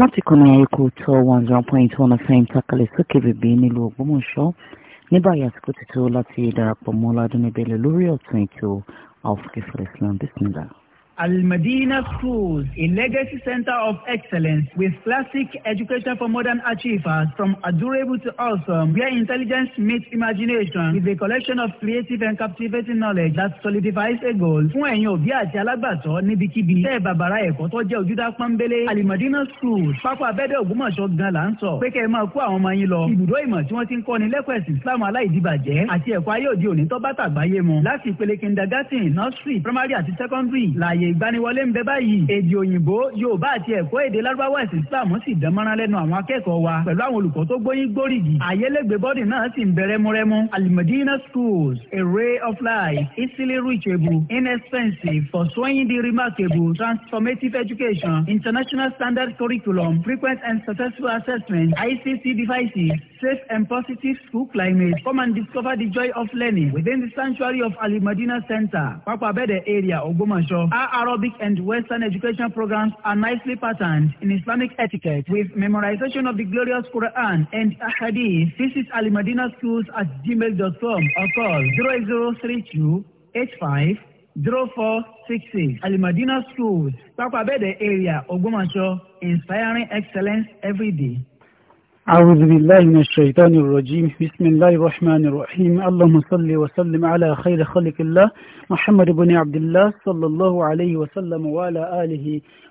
láti kọ́nà ẹ̀kọ́ tó one zero point one fm takalẹ̀ sókè bèbè nílùú Ògbómọ̀ṣọ́ ní báyìí àsìkò ti tó láti darapọ̀ mọ́ Ọládúnni Bello lórí ọ̀tún ètò of kefir Islam bismillah al Medina Schools, a legacy center of excellence with classic education for modern achievers from adorable to awesome, where intelligence meets imagination with a collection of creative and captivating knowledge that solidifies a goal. Fún ẹ̀yin òbí àti alágbàtọ́ níbikíbi, tẹ́ bàbàrà ẹ̀kọ́ tó jẹ́ ojúdá pọ́nbélé. al Medina Schools, pápá abẹ́dẹ̀ ògbómọ̀ṣọ́ gan la ń sọ. Pé kẹ́ ẹ máa kó àwọn ọmọ yín lọ. Ibùdó ìmọ̀ tí wọ́n ti ń kọ́ni lẹ́kọ̀ọ́ ẹ̀sìn Islam aláìdíbàjẹ́ àti ẹ̀kọ́ ayé òde òní primary àti secondary láàyè ìgbaniwọlé ń bẹ báyìí èdè òyìnbó yorùbá àti ẹ̀kọ́ èdè lárúbáwá ẹ̀sìn islam sì dánmọ́rán lẹ́nu àwọn akẹ́kọ̀ọ́ wa pẹ̀lú àwọn olùkọ́ tó gbóyin gbóríyìn àyélégbé bọ́dì náà sì ń bẹ rẹ́múrẹ́mú alimadina schools a ray of life easily reachable inexpensive for swaying the remarkable transformative education international standard curriculum frequent and successful assessment ICC devices safe and positive school climate come and discover the joy of learning within the sanctuary of alimadina center pápá abẹ́dẹ̀ area Ògbómọ̀ṣọ́ Arabic and Western education programs are nicely patterned in Islamic etiquette with memorization of the glorious Quran and Hadith. Visit Alimadina Schools at gmail.com or call 0032 85 0466. Alimadina Schools, Papa Bede area, Ogbomoso, inspiring excellence every day. أعوذ بالله من الشيطان الرجيم بسم الله الرحمن الرحيم اللهم صل وسلم على خير خلق الله محمد بن عبد الله صلى الله عليه وسلم وعلى آله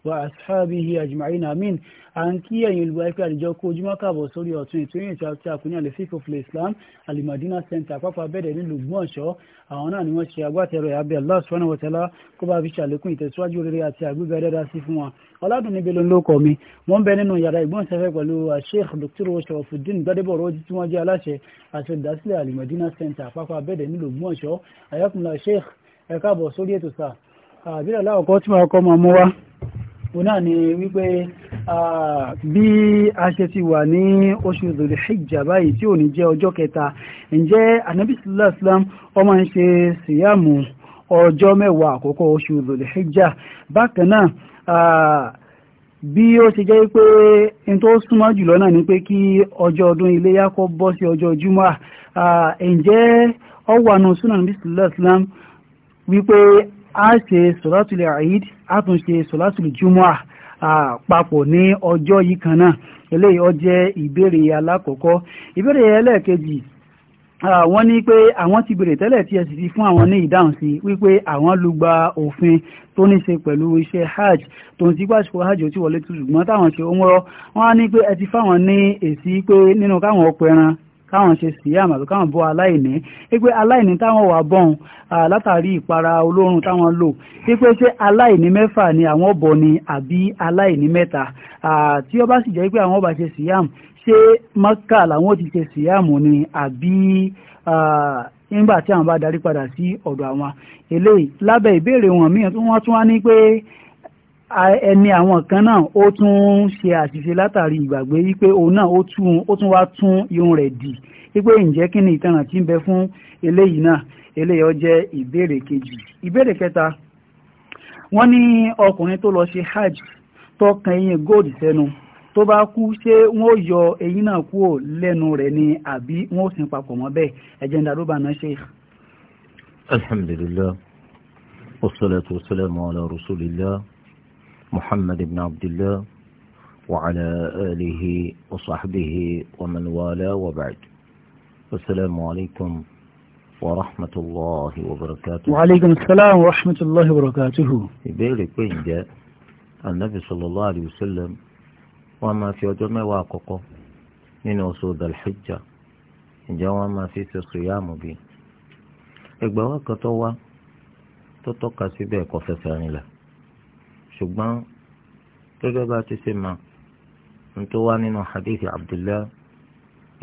وأصحابه أجمعين آمين àǹkí ẹ̀yin olùgbàgbé àdìjọ kó ojúmọ́ kàbọ̀ sórí ọ̀tún ètò yìí tí a kò ní àlè fífò fìlẹ̀ Islam alimadina center pápá bẹ̀rẹ̀ nílùú Ògbómọ̀ṣọ́ àwọn náà ni wọ́n ṣe agbátẹrù abẹ́ Allah subhanahu wa ta'ala kó bá fi ṣàlékún ìtẹ̀síwájú rere àti àgbéga dáadáa sí fún wa ọ̀làdùn níbi ló ń lóko mi mo ń bẹ nínú yàrá ìgbóhùnsáfẹ́ pẹ̀lú ah, sheikh dr sharafudin gbadebo rọ́jí tí wọ́n jẹ́ aláṣẹ àti olùdásílẹ̀ alimọ̀dínà center àpapọ̀ abẹ́dẹ̀ nílùú gbọ́nsọ̀ ayakunla sheikh ẹ káàbọ̀ sórí ètò sáà àbílẹ̀ láwọ̀kọ́ tí wọ́n kọ́ mọ́ mú wá òun náà ni wípé ah, bí a ṣe ti wà ní oṣù Dhul Hijjah báyìí tí ò ní jẹ́ ọjọ́ kẹta ǹjẹ́ anabi sallallahu alaihi wasallam ọmọ ń ṣe síyàmù ọjọ́ mẹ́wàá àkọ́kọ́ oṣù zòlẹ́hẹ́jà bákan náà bí ó ti jẹ́ pé n tó súnmọ́ jùlọ náà ni pé kí ọjọ́ ọdún iléyá kó bọ́ sí ọjọ́ júmọ́ ǹjẹ́ ọwọ́nù sunan bisimilaslam wípé a ṣe sọ̀látùlẹ̀ aid a tún ṣe sọ̀látùlẹ̀ júmọ́ papọ̀ ní ọjọ́ yìí kan náà eléyìí ìbéèrè alákọ̀ọ́kọ́ ìbéèrè ẹlẹ́ẹ̀kejì Ah, wọ́n ní pé àwọn ti bèrè tẹ́lẹ̀ tí EFCC fún àwọn ní ìdáhùn sí wípé àwọn ló gba òfin tó ní ṣe pẹ̀lú iṣẹ́ hajj tó ń tipa ṣùkọ́ hajj ó ti wọlé tu ṣùgbọ́n táwọn ṣe òmùrọ̀ wọ́n á ní pé ẹ ti fáwọn ní èsì pé nínú káwọn ọkọ̀ ẹran káwọn ṣe síyàmù àbí káwọn bọ́ aláìní wípé aláìní táwọn wà bọ́n látàrí ìpara olóòórùn táwọn lò wípé ṣé aláìní mẹ́fà ni àwọn bọ̀ ni àbí aláìní mẹ́ta tí ó bá sì jẹ́ pé àwọn ọba ṣe síyàmù ṣé maka làwọn ti ṣe síyàmù ni àbí nígbà tí àwọn bá darí padà sí ọ̀dọ̀ àwọn eléyìí lábẹ́ ìbéèrè wọn míì wọ́n tún wá ní pé ẹni àwọn kan náà ó tún ṣe àṣìṣe látàrí ìgbàgbé wípé òun náà ó tún wá tún irun rẹ̀ dì wípé ǹjẹ́ kí ni ìtanràn tí ń bẹ fún eléyìí náà eléyìí ó jẹ́ ìbéèrè kejì ìbéèrè kẹta wọ́n ní ọkùnrin tó lọ ṣe hajj tó eyín gold sẹ́nu tó bá kú ṣé wọ́n yọ eyín náà kúrò lẹ́nu rẹ̀ ni àbí wọ́n sin papọ̀ mọ́ bẹ́ẹ̀ ẹ̀jẹ̀ ń darúgbà náà ṣe. alhamdulilayi wasalaatu wasalaamu ala rasulillah muhammad ibn abdillah wa ala alihi wa sahbihi wa man wala wa ba'd wasalaamu alaykum wa rahmatulahi wa barakatuhu. wa salaam wa rahmatulahi wa barakatuhu. ìbéèrè pé ǹjẹ́ anabi sallallahu alayhi wa sallam wọ́n máa fi ọjọ́ mẹ́wàá àkọ́kọ́ nínú oṣù dalhijja ǹjẹ́ wọ́n máa fi ṣe sùyàmù bí. ẹgbẹ́ wa kan tó wá tó tọ́ka síbẹ̀ kò fẹsẹ̀ rinlẹ̀ ṣùgbọ́n gẹ́gẹ́ bá ti ṣe máa ń tó wá nínú hadith abdullah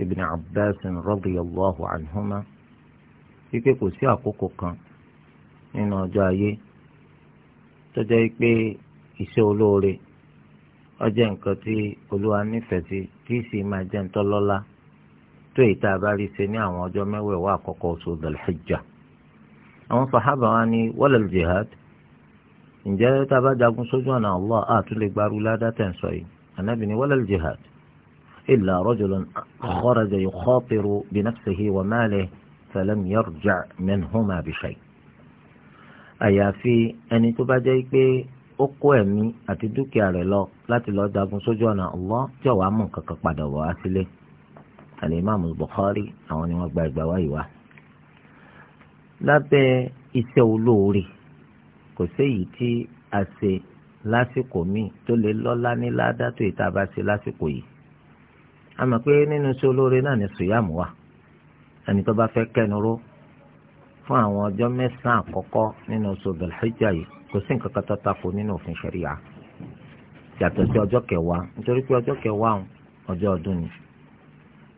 ibn abbas radiyallahu anhuma wípé kò sí àkókò kan nínú ọjọ́ ayé tó jẹ́ pé iṣẹ́ olóore ọjọ́ nǹkan tí olúwa nífẹ̀ẹ́ sí tí sì máa jẹ́ ń tọ́lọ́lá tó ìta àbárí ṣe ní àwọn ọjọ́ mẹ́wẹ̀ẹ̀wá àkọ́kọ́ oṣù dàlhíjà àwọn sàhábà wa ní wala jihad ǹjẹ́ tá a bá jagun sójú ọ̀nà Allah àtún lè gbarú ládá ń sọ yìí ànábì ní wala jihad illa rajulun kharaja yukhatiru bi nafsihi wa malihi falam ó kó ẹ̀mí àti dúkìá rẹ̀ lọ láti lọ́ọ́ jagun sójú ọ̀nà Allah tí ọ̀wá mọ̀ kankan padà wọ̀ á sílé alimami Bukhari àwọn ni wọ́n gba ìgbà wáyé wa. lábẹ́ iṣẹ́ olóore kò séyìí tí a ṣe lásìkò míì tó lè lọ́lá ní ládá tó ṣe lásìkò yìí. a mọ̀ pé nínú iṣẹ́ olóore náà ni sùyàmù wà ẹni tó bá fẹ́ kẹnu ró fún àwọn ọjọ́ mẹ́sàn-án àkọ́kọ́ nínú oṣù Dhul kò sí nǹkan kan tó tako nínú òfin ṣẹ̀ríà yàtọ̀ sí ọjọ́ kẹwàá nítorí pé ọjọ́ kẹwàá ọjọ́ ọdún ni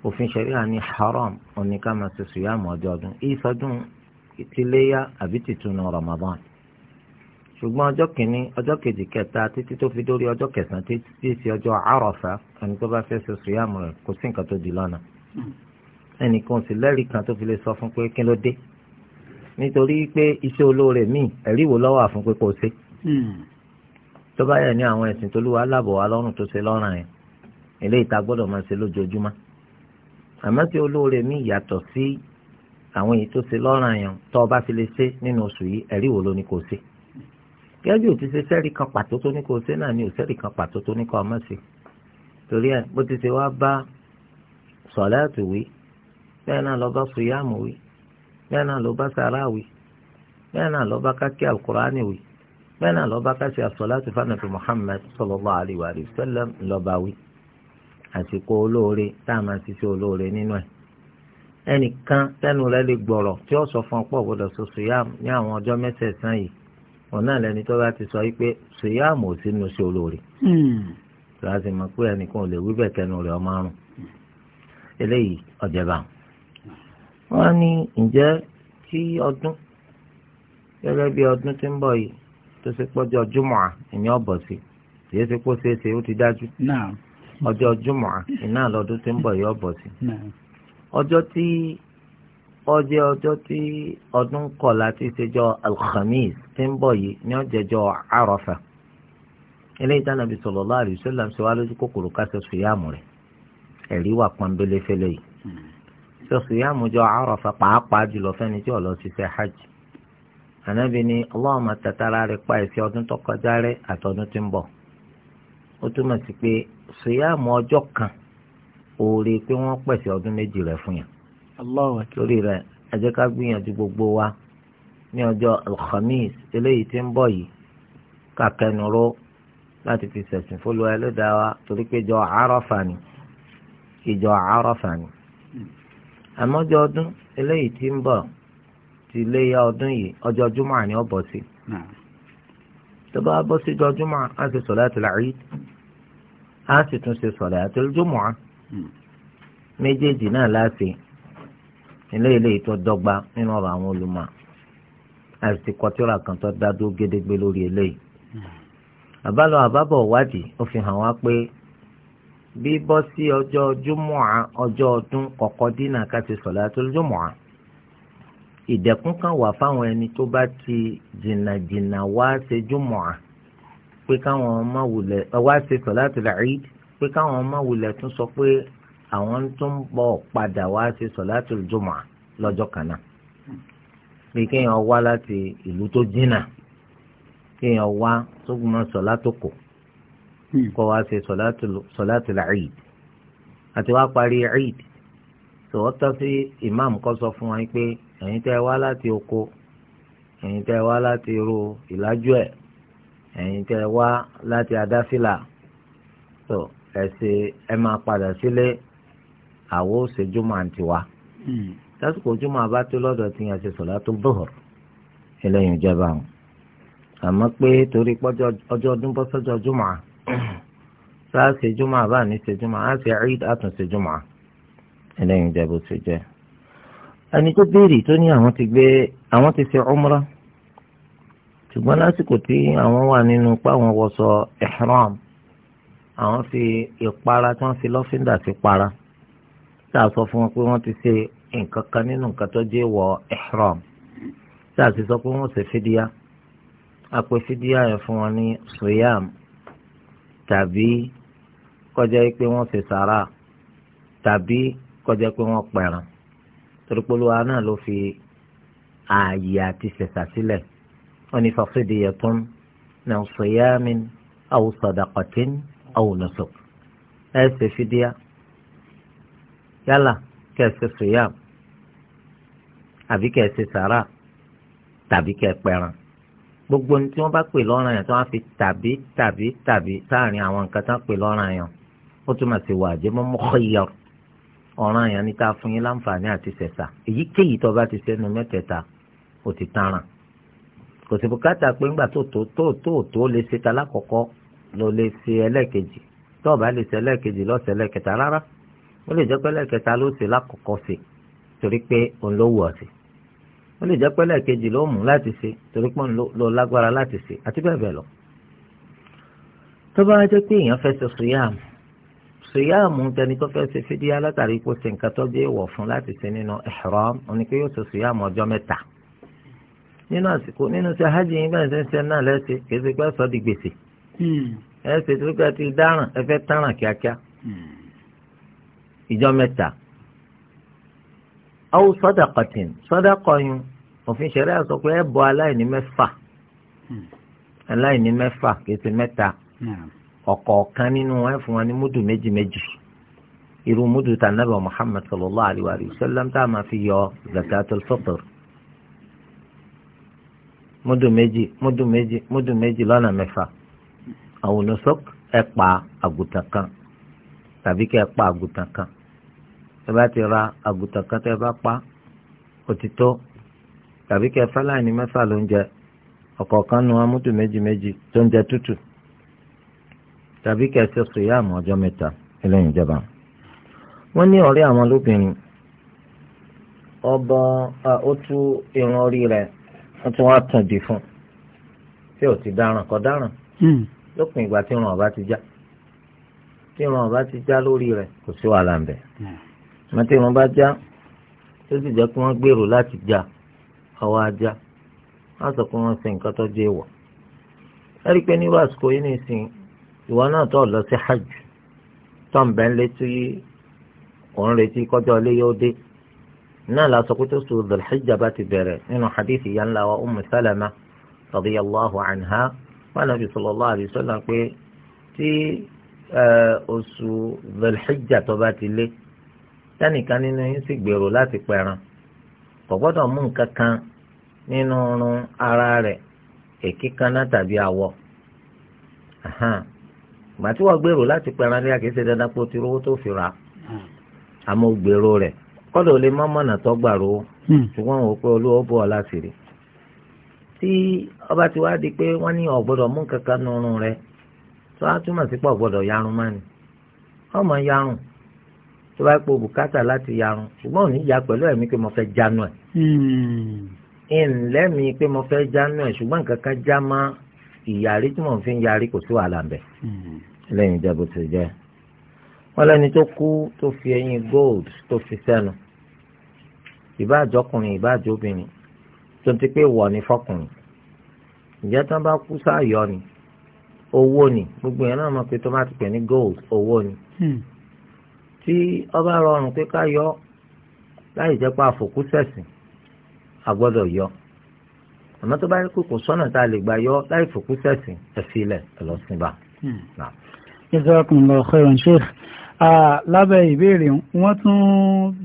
òfin ṣẹ̀ríà ní haram oníkà máa ṣe sùyàmù ọjọ́ ọdún ìsọdún ìtìléyà àbí tìtúnu Ramadan ṣùgbọ́n ọjọ́ kìíní ọjọ́ kejì kẹta títí tó fi dórí ọjọ́ kẹsàn-án títí sí ọjọ́ àròfà ẹni tó bá fẹ́ ṣe sùyàmù rẹ̀ kò sí nǹkan tó di lọ́nà hmm. ẹnìkan sì lẹ́rìí kan tó fi lè sọ fún pé kí ló dé nítorí pé iṣẹ́ olóore míì ẹ̀rí wo lọ́wọ́ àfún pé kò ṣe. Hmm. tó bá yẹ ní àwọn ẹ̀sìn tó lúwa lábọ̀ wá lọ́rùn tó ṣe lọ́rùn yẹn eléyìí tá gbọ́dọ̀ máa ṣe lójoojúmọ́. àmọ́ tí olóore míì yàtọ̀ sí àwọn èyí tó ṣe lọ́rùn yẹn tó bá fi lè ṣe nínú oṣù yìí ẹ̀rí wo ló ní kò ṣe. gẹ́gẹ́ bí ti ṣe sẹ́rí kan pàtó tó ní kò ṣe náà ni ò sẹ́rí kan pàtó tó ní kò má ṣe. torí ẹ bó ti ṣe wá bá sọ̀lá àtùwí bẹ́ẹ̀ náà lọ bá sùyàmù wí bẹ́ẹ̀ náà ló bá sàráàwì bẹ́ẹ̀ náà ló bá kákí alukur'ani wì bẹ́ẹ̀ náà ló bá kásì asọ́láàtì fanabi Muhammad sallallahu alayhi wa sallam lọ́ba wì àsìkò olóore tá a máa ṣiṣẹ́ olóore nínú ẹ̀ ẹnìkan tẹnu rẹ̀ lè gbọ̀rọ̀ tí ó sọ fún ọ̀pọ̀ gbọ́dọ̀ sọ sùyàmù ní àwọn ọjọ́ mẹ́sẹ̀ẹ̀sán yìí òun náà lẹni tó bá ti sọ wípé sùyàmù ò sínú sí olóore tó a sì mọ̀ pé ẹnìkan ò lè wí bẹ́ẹ̀ tẹnu rẹ̀ ọmọ àrùn eléyìí ọ̀jẹ̀ báwọn. wọ́n ní ǹjẹ́ tí ọdún gẹ́gẹ́ bí ọdún tí ń bọ̀ yìí tó ṣe pọ́jọ́ júmọ̀ ẹ̀yìn ọ̀bọ̀ sí kìí ṣe pọ́ ṣe é ṣe ó ti dájú ọjọ́ júmọ̀ iná lọ́dún ń bọ̀ alhamis ń bọ̀ yìí àròfà eléyìí tí ṣe wá lójú kòkòrò sọ síyàmù jọ àràfà pàápàá jùlọ fẹ́ni tí ò lọ hajj ànábì ni Allahumma tàtàrà rẹ̀ pa ìfẹ́ ọdún tó kọjá rẹ̀ àtọdún tí ń bọ̀ ó túmọ̀ sí pé ọjọ́ kan oore pé wọ́n pèsè ọdún méjì rẹ̀ fún yàn torí rẹ̀ ẹ gbogbo wa ní ọjọ́ alhamis eléyìí ń bọ̀ yìí fi sẹ̀sìn fólúwa ẹlẹ́dàá wa torí pé fani. àmọ́jọ́ ọdún eléyìí tí ń bọ̀ ti léyà ọdún yìí ọjọ́ júmọ̀ ni ó bọ̀ sí. tó bá bọ́ sí ọjọ́ júmọ̀ á sì sọ̀látul Eid á sì tún ṣe sọ̀látul Jumu'ah hmm. méjèèjì náà láti eléyìí tó dọ́gba nínú ọ̀rọ̀ àwọn olùmọ̀ àti kọtíra kan tó dá dúró gédégbé lórí eléyìí. Hmm. àbálọ àbábọ̀ wádìí ó fi hàn wá pé bí bọ́ sí ọjọ́ júmọ̀á ọjọ́ ọdún kọ̀kọ́ dínà ká ti sọ̀látul júmọ̀á ìdẹ̀kùn kan wà fáwọn ẹni tó bá ti jìnnàjìnnà wá ṣe júmọ̀á pé káwọn ọmọ wulẹ̀ wá ṣe sọ̀látul Eid pé káwọn ọmọ wulẹ̀ tún sọ pé àwọn tó ń bọ̀ padà wá ṣe sọ̀látul júmọ̀á lọ́jọ́ kan náà kéèyàn wá láti ìlú tó jìnnà kéèyàn wá sógun náà sọ̀lá tó kù. Hmm. kọ́ wá ṣe sọ̀láàtì làáyì àti wá parí eid tó wọ́n tọ́ sí imam kọ́ sọ fún wọn pé ẹ̀yin tẹ́ wá láti oko ẹ̀yin tẹ́ wá láti ro ìlájú ẹ̀ ẹ̀yin tẹ́ wá láti adásílà tó ẹ ṣe ẹ máa padà sílé àwo ṣèjúmọ̀ àǹtí wa lásìkò hmm. ojúmọ̀ àbá tó lọ́dọ̀ tí yẹn ṣe sọ̀láàtì bọ́ọ̀rù ẹlẹ́yin ìjọba àmọ́ pé torí pọ́jọ́ ọdún bọ́sọ́jọ́ jùmọ̀ sáà ṣe jùmọ̀ àbá ní ṣe jùmọ̀ á ṣe eid àtún ṣe jùmọ̀ ẹlẹ́yin jẹ́ bó ṣe jẹ́. ẹni tó béèrè tó ní àwọn ti gbé àwọn ti ṣe umra ṣùgbọ́n lásìkò tí àwọn wà nínú páwọn wọṣọ ihram àwọn fi ìpara tí wọ́n fi lọ́fíńdà ti para tá a sọ fún wọn pé wọ́n ti ṣe nǹkan kan nínú nǹkan tó jẹ́ wọ ihram tá a sì sọ pé wọ́n ṣe fídíà a fídíà yẹn fún wọn ní suyam tàbí kọjá pé wọ́n fi sàrà tàbí kọjá pé wọ́n pẹ̀ràn torípolówá náà ló fi ààyè àti ṣẹ̀ṣà sílẹ̀ wọ́n ní fasidiyatun min siyamin aw sadaqatin aw nusuk ẹ ṣe fídíà yálà kẹsì siyam àbí kẹsì sàrà tàbí kẹ pẹ̀ràn gbogbo ní tí wọ́n bá pè lọ́ràn yẹn tí wọ́n á fi tàbí tàbí tàbí sáàrin àwọn nǹkan tí wọ́n pè lọ́ràn yẹn ó túmọ̀ sí wà jẹ́ mọ́ mukhayyar ọ̀ràn yẹn ní ká fún yín láǹfààní àti ṣẹ̀ṣà èyíkéyìí tó bá ti sẹ́nu mẹ́tẹ̀ẹ̀ta ó ti tàràn kò sí bùkátà pé ńgbà tó tó tó tó tó lè ṣe ta lákọ̀ọ́kọ́ ló lè ṣe ẹlẹ́ẹ̀kejì tó bá lè ṣe ẹlẹ́ẹ̀kejì lọ́sẹ̀ ẹlẹ́ẹ̀kẹta rárá ó lè jẹ́ pé ẹlẹ́ẹ̀kẹta ló ṣe lákọ̀ọ́kọ́ ṣe torí pé òun ló wù ọ́ sí ó lè jẹ́ pẹ́lẹ́ kejì ló mú láti ṣe torí pọ́n ló lágbára láti ṣe àti bẹ́ẹ̀ bẹ́ẹ̀ lọ. tó bá jẹ́ pé èèyàn fẹ́ ṣe sùyàmù sùyàmù tẹni tó fẹ́ ṣe fídíà látàrí kó ṣe nǹkan tó dé wọ̀ fún láti ṣe nínú ihram òní pé yóò ṣe sùyàmù ọjọ́ mẹ́ta nínú àsìkò nínú ṣe hajj yín bẹ́ẹ̀ ṣe ń ṣe náà lẹ́sẹ̀ kìí ṣe pé sọ di gbèsè hmm. ẹ ṣètò pé ti dáràn ẹ awo sọdakọtin sọdakọyun òfin ṣẹlẹ̀ sọ pé ẹ bọ aláìní mẹ́fà hmm. aláìní mẹ́fà kété mẹ́ta hmm. ọ̀kọ̀ọ̀kan nínú wọn fún wa ní múdù méjì méjì irú múdù tà nàbẹ Muhammad sallallahu alayhi wa sallam tá a máa fi yọ zakatul fitr múdù méjì múdù méjì múdù méjì lọ́nà mẹ́fà àwọn onísọ́k ẹ pa àgùntàn kan tàbí kẹ́ pa àgùntàn kan tẹ́ bá ti ra àgùntàn kan tẹ́ bá pa òtítọ́ tàbí kẹ́ fáláìní mẹ́fà ló ń jẹ ọ̀kọ̀ọ̀kan nu amútù méjì méjì tó ń jẹ tútù tàbí kẹ́ ṣe sòyàmù ọjọ́ mẹ́ta ẹlẹ́yìn ìjọba. wọ́n ní ọ̀rẹ́ àwọn lóbìnrin ọba ó tú irun orí rẹ̀ wọ́n tún wá tún dì fún tí ò ti dáràn kọ́ dáràn hmm. lópin ìgbà tí irun ọba ti já tí irun ọba ti já lórí rẹ̀ kò sí wàhálà ń bẹ̀. Hmm mọtí wọn bá já tó sì jẹ́ pé wọ́n gbèrò láti já ọwọ́ ajá wọ́n sọ pé wọ́n sin nǹkan tó jẹ́ ìwọ̀ ẹ rí i pé nírú àsìkò yìí nìsín ìwọ náà tó lọ sí hajj tó ń bẹ ń létí òun retí kọjọ́ ilé yóò dé náà la sọ pé tó sùn Dhul-Hijjah bá ti bẹ̀rẹ̀ nínú hadithi yẹn ńlá wa Ummu Salama radiyallahu anha wa Nabi sallallahu alayhi wa pé tí oṣù Dhul-Hijjah tó bá ti lé. tẹ́nìkan nínú yín sì gbèrò láti pẹran kò gbọ́dọ̀ mú nǹkan kan nínú irun ara rẹ̀ kaná tàbí awọ ìgbà tí wọ́n gbèrò láti pẹran ní àkíyèsí dandan pé o ti rówó tó fi rà àmọ́ gbèrò rẹ̀ kọ́dọ̀ lè má mọ̀nà tó gbàrò hmm. ṣùgbọ́n wò pé olówó bọ̀ láti rí tí ọba ti wá di pé wọn ní ọgbọdọ mú nǹkan kan nínú irun rẹ̀ tó á túmọ̀ sí pọ̀ gbọ́dọ̀ yarun mọ́ni ọmọ yarun tó bá pọ̀ bùkátà láti yarun ṣùgbọ́n ò ya pẹ̀lú ẹ̀mí pé mo fẹ́ jánu ẹ̀ ńlẹ́mi hmm. pé mo fẹ́ jánu ẹ̀ ṣùgbọ́n nǹkan kan já má ìyàrí tí mò ń fi ń yarí kò sí wàhálà ńbẹ hmm. lẹ́yìn ìjọba tó jẹ́ wọ́n lẹ́ni tó kú tó fi ẹyin gold tó fi sẹ́nu ìbáàjọkùnrin ìbáàjọbìnrin tó ti pé wọ̀ ní fọkùnrin ìjẹ́ tán bá kú sáyọ ni owó ni gbogbo yẹn náà mọ̀ pé tó bá ti pè ní gold owó ni. Hmm tí ọba rọrùn pé ká yọ láì jẹ́ pé àfòkú sẹ̀sìn àgbọ́dọ̀ yọ àmọ́ tó bá yẹ kó kò sọ́nà tá a lè gbà yọ láì fòkú sẹ̀sìn ẹ̀fílẹ̀ ẹ̀lọ́sìnbà. Hmm. jazakumullahu khairan sheikh lábẹ́ ìbéèrè wọ́n tún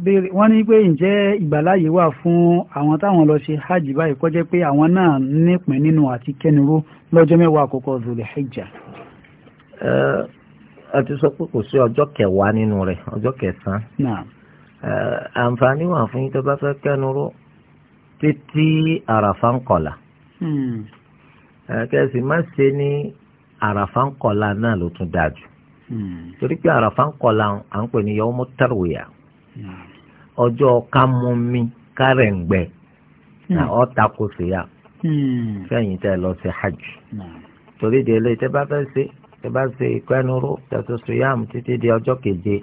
béèrè wọ́n ní pé ǹjẹ́ ìgbàláyè wà fún àwọn táwọn lọ ṣe hajj báyìí kó jẹ́ pé àwọn náà nípìn nínú àti kẹnuró lọ́jọ́ mẹ́wàá àkọ́kọ́ Dhul Hijjah. a ti sọ pé kò sí kẹwàá nínú rẹ̀ ọjọ́ kẹsàn-án àǹfààní wà fún yín tó bá fẹ́ kẹ́nu títí àràfà ń kọ̀là hmm. kẹ́sì má ṣe ní àràfà ń kọ̀là náà ló jù hmm. torí pé àràfà ń kọ̀là à ń pè ní ọjọ́ kámúmi kárẹ̀ǹgbẹ́ hmm. ọ̀tà kò sí yá lọ sí hajj torí tẹ́ bá fẹ́ ṣe. tẹ bá ṣe ìpẹnuró tẹtù suyam títí di ọjọ́ keje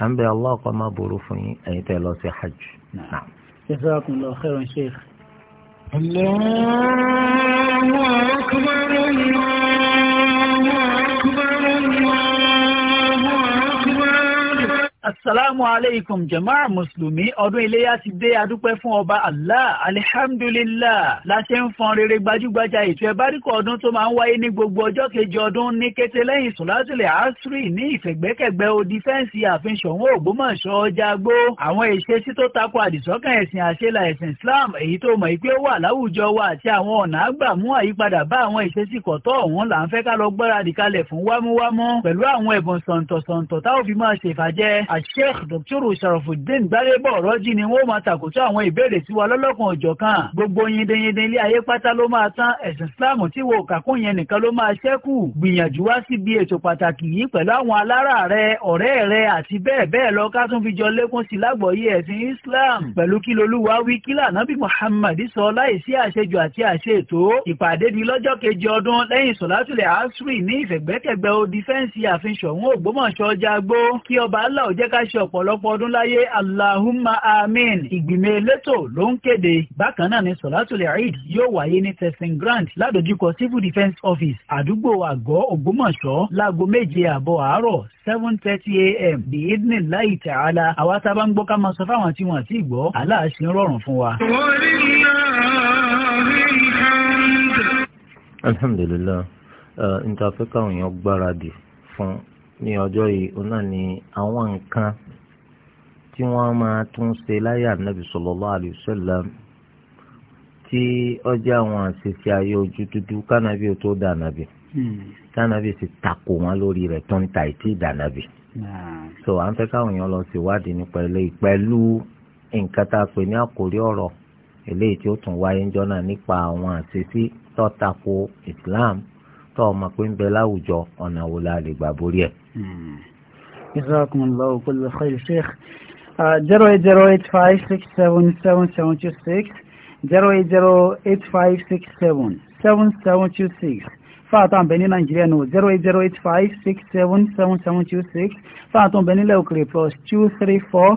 à ń bẹ Allah kó má burú fún yín ẹ̀yin tẹ lọ sí hajj. jazakumullahu khairan sheikh. Allahu akbar Allah. asalaamu aleykum jamaa mùsùlùmí ọdún iléyà ti dé adúpẹ́ fún ọba allah alihamdulilah láṣẹ ń fọn rere gbajúgbajà ètò ẹ̀bárìkọ̀ ọdún tó máa ń wáyé ní gbogbo ọjọ́ kejì ọdún ní kété lẹ́yìn sùlátìlẹ̀ asri ní ìfẹ̀gbẹ́kẹ̀gbẹ́ odi fẹ́ǹsì ààfin ṣọ̀ún ògbómọ̀ṣọ́ ọjà gbó àwọn ìṣesí tó tako àdìsọ́kàn ẹ̀sìn àṣelà ẹ̀sìn islam èyí tó mọ̀ pé ó wà láwùjọ wa àti àwọn ọ̀nà àgbà mú àyípadà bá àwọn ìṣesí kọ̀tọ́ ọ̀hún là ń fẹ́ ká lọ gbáradì kalẹ̀ fún wámúwámú pẹ̀lú àwọn ẹ̀bùn sọ̀ǹtọ̀sọ̀ǹtọ̀ táwọn fi máa ṣèfàjẹ́ sheikh dr sharafudin gbárébọ̀ rọ́jí ni wọ́n máa tàkótó àwọn ìbéèrè sí wa lọ́lọ́kan ọjọ́ kan gbogbo yindeyinde ilé ayé pátá ló máa tán ẹ̀sìn islam tí wo kàkún yẹn nìkan ló máa ṣẹ́kù gbìyànjú wá síbi ètò pàtàkì yìí pẹ̀lú àwọn alára rẹ ọ̀rẹ́ rẹ àti bẹ́ẹ̀ bẹ́ẹ̀ lọ ká tún fi jọ lékún sí lágbọ̀ọ́yé ẹ̀sìn islam pẹ̀lú kí lolúwa wí kí lànàbí muhammad sọ láìsí àṣejù àti àṣetò ìpàdé di lọ́jọ́ kejì ọdún lẹ́yìn sọ̀látùlẹ̀ asri ní ìfẹ̀gbẹ́kẹ̀gbẹ́ o dífẹ́ǹsì àfihàn ògbómọ̀ṣọ́ jagbó kí ká ṣe ọ̀pọ̀lọpọ̀ ọdún láyé Allahumma amin ìgbìmọ̀ elétò ló ń kéde bákan náà ni sọ̀látùlẹ̀ eid yóò wáyé ní testing grant ládojúkọ civil defence office àdúgbò àgọ́ ògbómọ̀ṣọ́ láago méje àbọ̀ àárọ̀ seven thirty a.m. The evening light. tààlà àwa tá a bá ń gbọ́ ká máa sọ fáwọn tí wọ́n ti gbọ́ Allah ń rọrùn fún wa. alhamdulilayi n ta fẹ́ káwọn èèyàn gbáradì fún ní ọjọ́ yìí òun náà ni àwọn nǹkan tí wọ́n máa tún ṣe láyé ànábì sallallahu alaihi wasallam tí ọjà àwọn àṣìṣe ayé ojú dúdú kánábì tó dànàbì kánábì sì takò wọn lórí rẹ̀ tó ń ta ìtì ìdànàbì. so à ń fẹ́ káwọn èèyàn lọ sí ìwádìí nípa eléyìí pẹ̀lú nǹkan tá a pè ní àkórí ọ̀rọ̀ eléyìí tí ó tún wáyé ńjọ́ náà nípa àwọn àṣìṣe tó tako Islam tó ọmọ pé ń bẹ láwùjọ ọ̀nà wo la lè gbà borí ẹ̀. Hmm. jazakumullahu kullu khair sheikh uh, zero eight zero eight five six seven seven seven two six zero eight zero eight five six seven seven seven two six fáàtàn bẹ̀ ní nàìjíríà nù zero eight zero eight five six seven seven seven two six fáàtàn bẹ̀ nílẹ̀ òkèrè plus two three four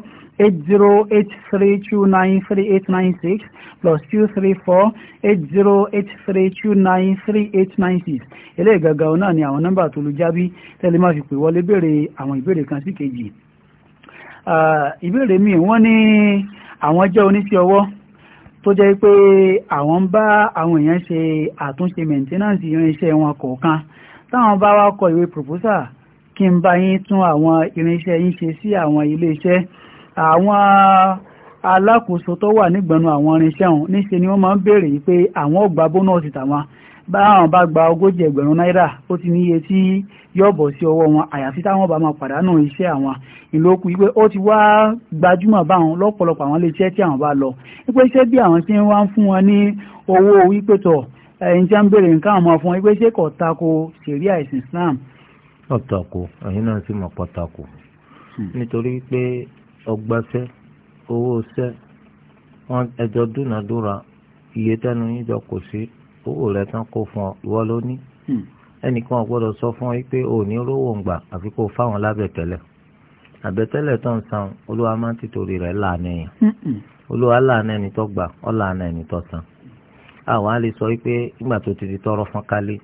eight zero eight three two nine three eight nine six plus two three four eight zero eight three two nine three eight nine six eléyìí gàgà ọ̀nà ni àwọn nọ́mbà tó lu jábí tẹ́lẹ̀ máa fi pè wọlé béèrè àwọn ìbéèrè kan sí kejì ah, ìbéèrè mi wọ́n ní àwọn jẹ́ oníṣẹ́ ọwọ́ tó jẹ́ pé àwọn ń bá àwọn èèyàn ṣe àtúnṣe maintenance irinṣẹ́ wọn kọ̀ọ̀kan táwọn bá wá kọ ìwé proposal kí n bá yín tún àwọn irinṣẹ́ yín ṣe sí àwọn iléeṣẹ́ àwọn alákòóso tó wà nígbọnú àwọn irinṣẹ́ ọ̀hún níṣe ni wọ́n máa ń béèrè pé àwọn ò bónọ́ọ̀sì tàwọn bá àwọn bá gba ogójì ẹgbẹ̀rún náírà ó ti níye tí yóò bọ̀ sí ọwọ́ wọn àyàfi táwọn bá máa pàdánù iṣẹ́ àwọn ìlókù wípé ó ti wá gbajúmọ̀ báwọn lọ́pọ̀lọpọ̀ àwọn iléeṣẹ́ tí àwọn bá lọ wípé iṣẹ́ bí àwọn tí wọ́n ń fún wọn ní owó wípé tọ̀ ẹ̀yìn tí wọ́n ń béèrè nǹkan àwọn fún wípé ṣé kò tako ṣẹ̀ríà ẹ̀sìn Islam. ọ̀tàkù ẹ̀yin náà sì mọ̀ pàtàkù nítorí pé ọgbàṣẹ́ owó ṣẹ́ ẹjọ́ dúnàdúrà iye tẹ́nu yín owó rẹ tán kó fún ọ ìwọ ló hmm. ẹnìkan ọgbọ́dọ̀ sọ fún ọ pé o ní afiko ń gbà àfi kó fáwọn lábẹ̀tẹ́lẹ̀ àbẹ̀tẹ́lẹ̀ tó ń san olúwa máa ń tìtorí láàánú yẹn hmm, hmm. olúwa láàánú ẹni tó gbà ọ láàánú ẹni san àwọn á lè sọ pé nígbà tó ti di tọrọ fún kálí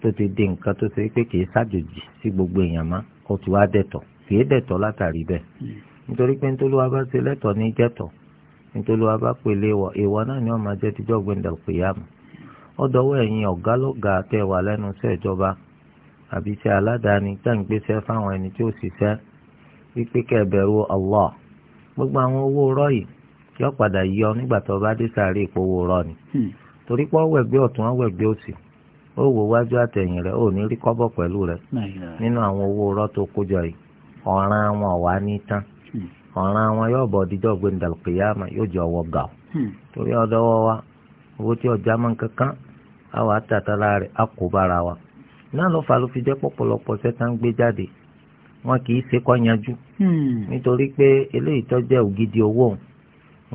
tó ti di nǹkan tó ṣe pé kì í ṣàjòjì gbogbo èèyàn má ó ti wá dẹ̀tọ̀ kì í dẹ̀tọ̀ látàrí bẹ́ẹ̀ nítorí pé bá ṣe lẹ́tọ̀ ní jẹ́tọ̀ bá pèlè ìwọ ó dọwọ́ ẹ̀yin ọ̀gá lọ́gà tẹ́ wà lẹnu iṣẹ́ ìjọba àbí aládàáni tẹ́ǹgbẹ́sẹ́ fáwọn ẹni tí ó ṣiṣẹ́ wípé kẹ́ẹ̀bẹ̀rù ọwọ gbogbo àwọn owó rọ́ yi ó padà yọ nígbà tó bá dé sáré ìpowó ni hmm. torí pé ó wò wájú ó ní rí nínú àwọn owó tó kójọ yìí ní tán hmm. yóò hmm. wa owó tí ọjà àwọn àtàtàlà rẹ̀ á kó bára wa náà ló fa ló fi jẹ́ pọ̀pọ̀lọpọ̀ sẹ́tà ń gbé jáde wọn kì í ṣe kọ́ yanjú hmm. nítorí pé eléyìí tó jẹ́ ògidì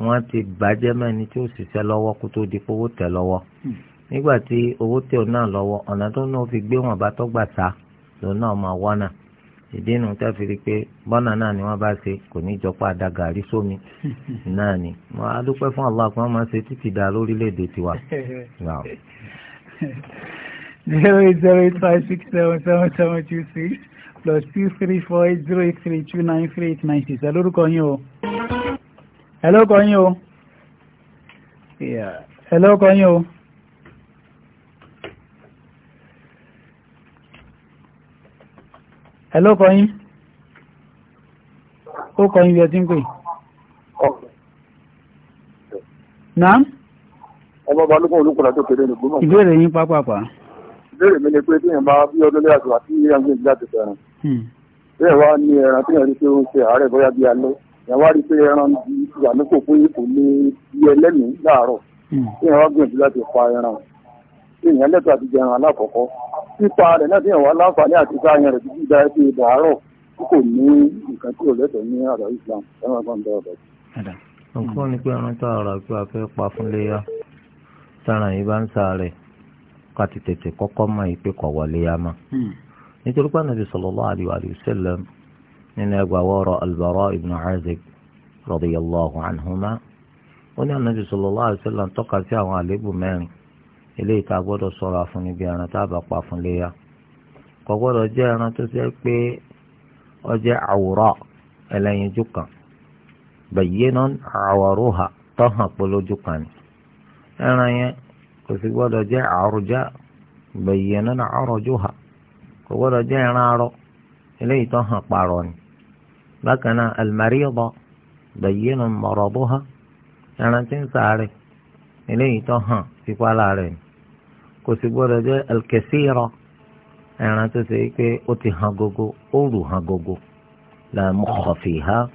wọn ti bàjẹ́ mẹ́ni tí ó ṣiṣẹ́ lọ́wọ́ kó tó di owó tẹ̀ lọ́wọ́ hmm. nígbà tí owó tẹ̀ ọ́ náà lọ́wọ́ ọ̀nà tó náà fi gbé wọn bá tọ́gbà sá lòun náà máa tẹ́ fi pé bọ́nà náà ni wọ́n bá ṣe kò ní sómi tiwa. zero eight zero eight five six seven seven Hello six plus Yeah. Hello zero eight Hello nine three Oh six ẹ lórúkọ yín o ẹ lórúkọ yín o ẹ lórúkọ yín o. ẹ lórúkọ yín ó kọ yín bí ẹ ọmọ balógun olùkọ́lá tó kéré ní gbọ́mọ̀. ìbéèrè yín pápápá. ìbéèrè mi ni pé tí èèyàn bá bí ọdún lé àti wà tí gbé ìgbà tó fẹ́ràn. bẹ́ẹ̀ hmm. wá ní ẹran tí èèyàn rí pé ó ń ṣe àárẹ̀ bóyá bí alẹ́ èèyàn wá rí pé ẹran di ìyà nípò pé kò lè di ẹlẹ́mìí láàárọ̀ hmm. tí èèyàn wá gbìyànjú láti pa ẹran tí èèyàn lẹ́tọ̀ àti jẹran alákọ̀ọ́kọ́ pípa rẹ̀ náà ọkọ ni pé àwọn tá a rà pé a fẹ́ pa fún léyà sára yìí bá ń sáré ká ti tètè kọ́kọ́ mọ̀ yìí pé kọ̀ wọlé ya mọ́. Hmm. nítorí pé anabi sallallahu alayhi wa sallam nínú ẹgbà wọ́ọ̀rọ̀ albara ibn azib radiyallahu anhuma ó ní anabi sallallahu alayhi wa sallam tọ́ka sí àwọn àléébù mẹ́rin eléyìí tá a gbọ́dọ̀ sọ̀rọ̀ fún níbi ẹran tá a bá pa fún léyà kò gbọ́dọ̀ jẹ́ ẹran tó ṣe pé ó jẹ́ àwòrán ẹlẹ́yinjú kan bayyinun àwòrán tó hàn kan ni أنايا كسي ودا جاء عرجاء بيّنن عرجها ودا جاء نارو إلي تنها قارون لكن المريضة بيّن مرضها أنا تنسى تنساري إلي تنها سيقالارين كسي ودا جاء الكثيرة أنا تسيك أتيها غوغو أولوها غوغو لا مخفيها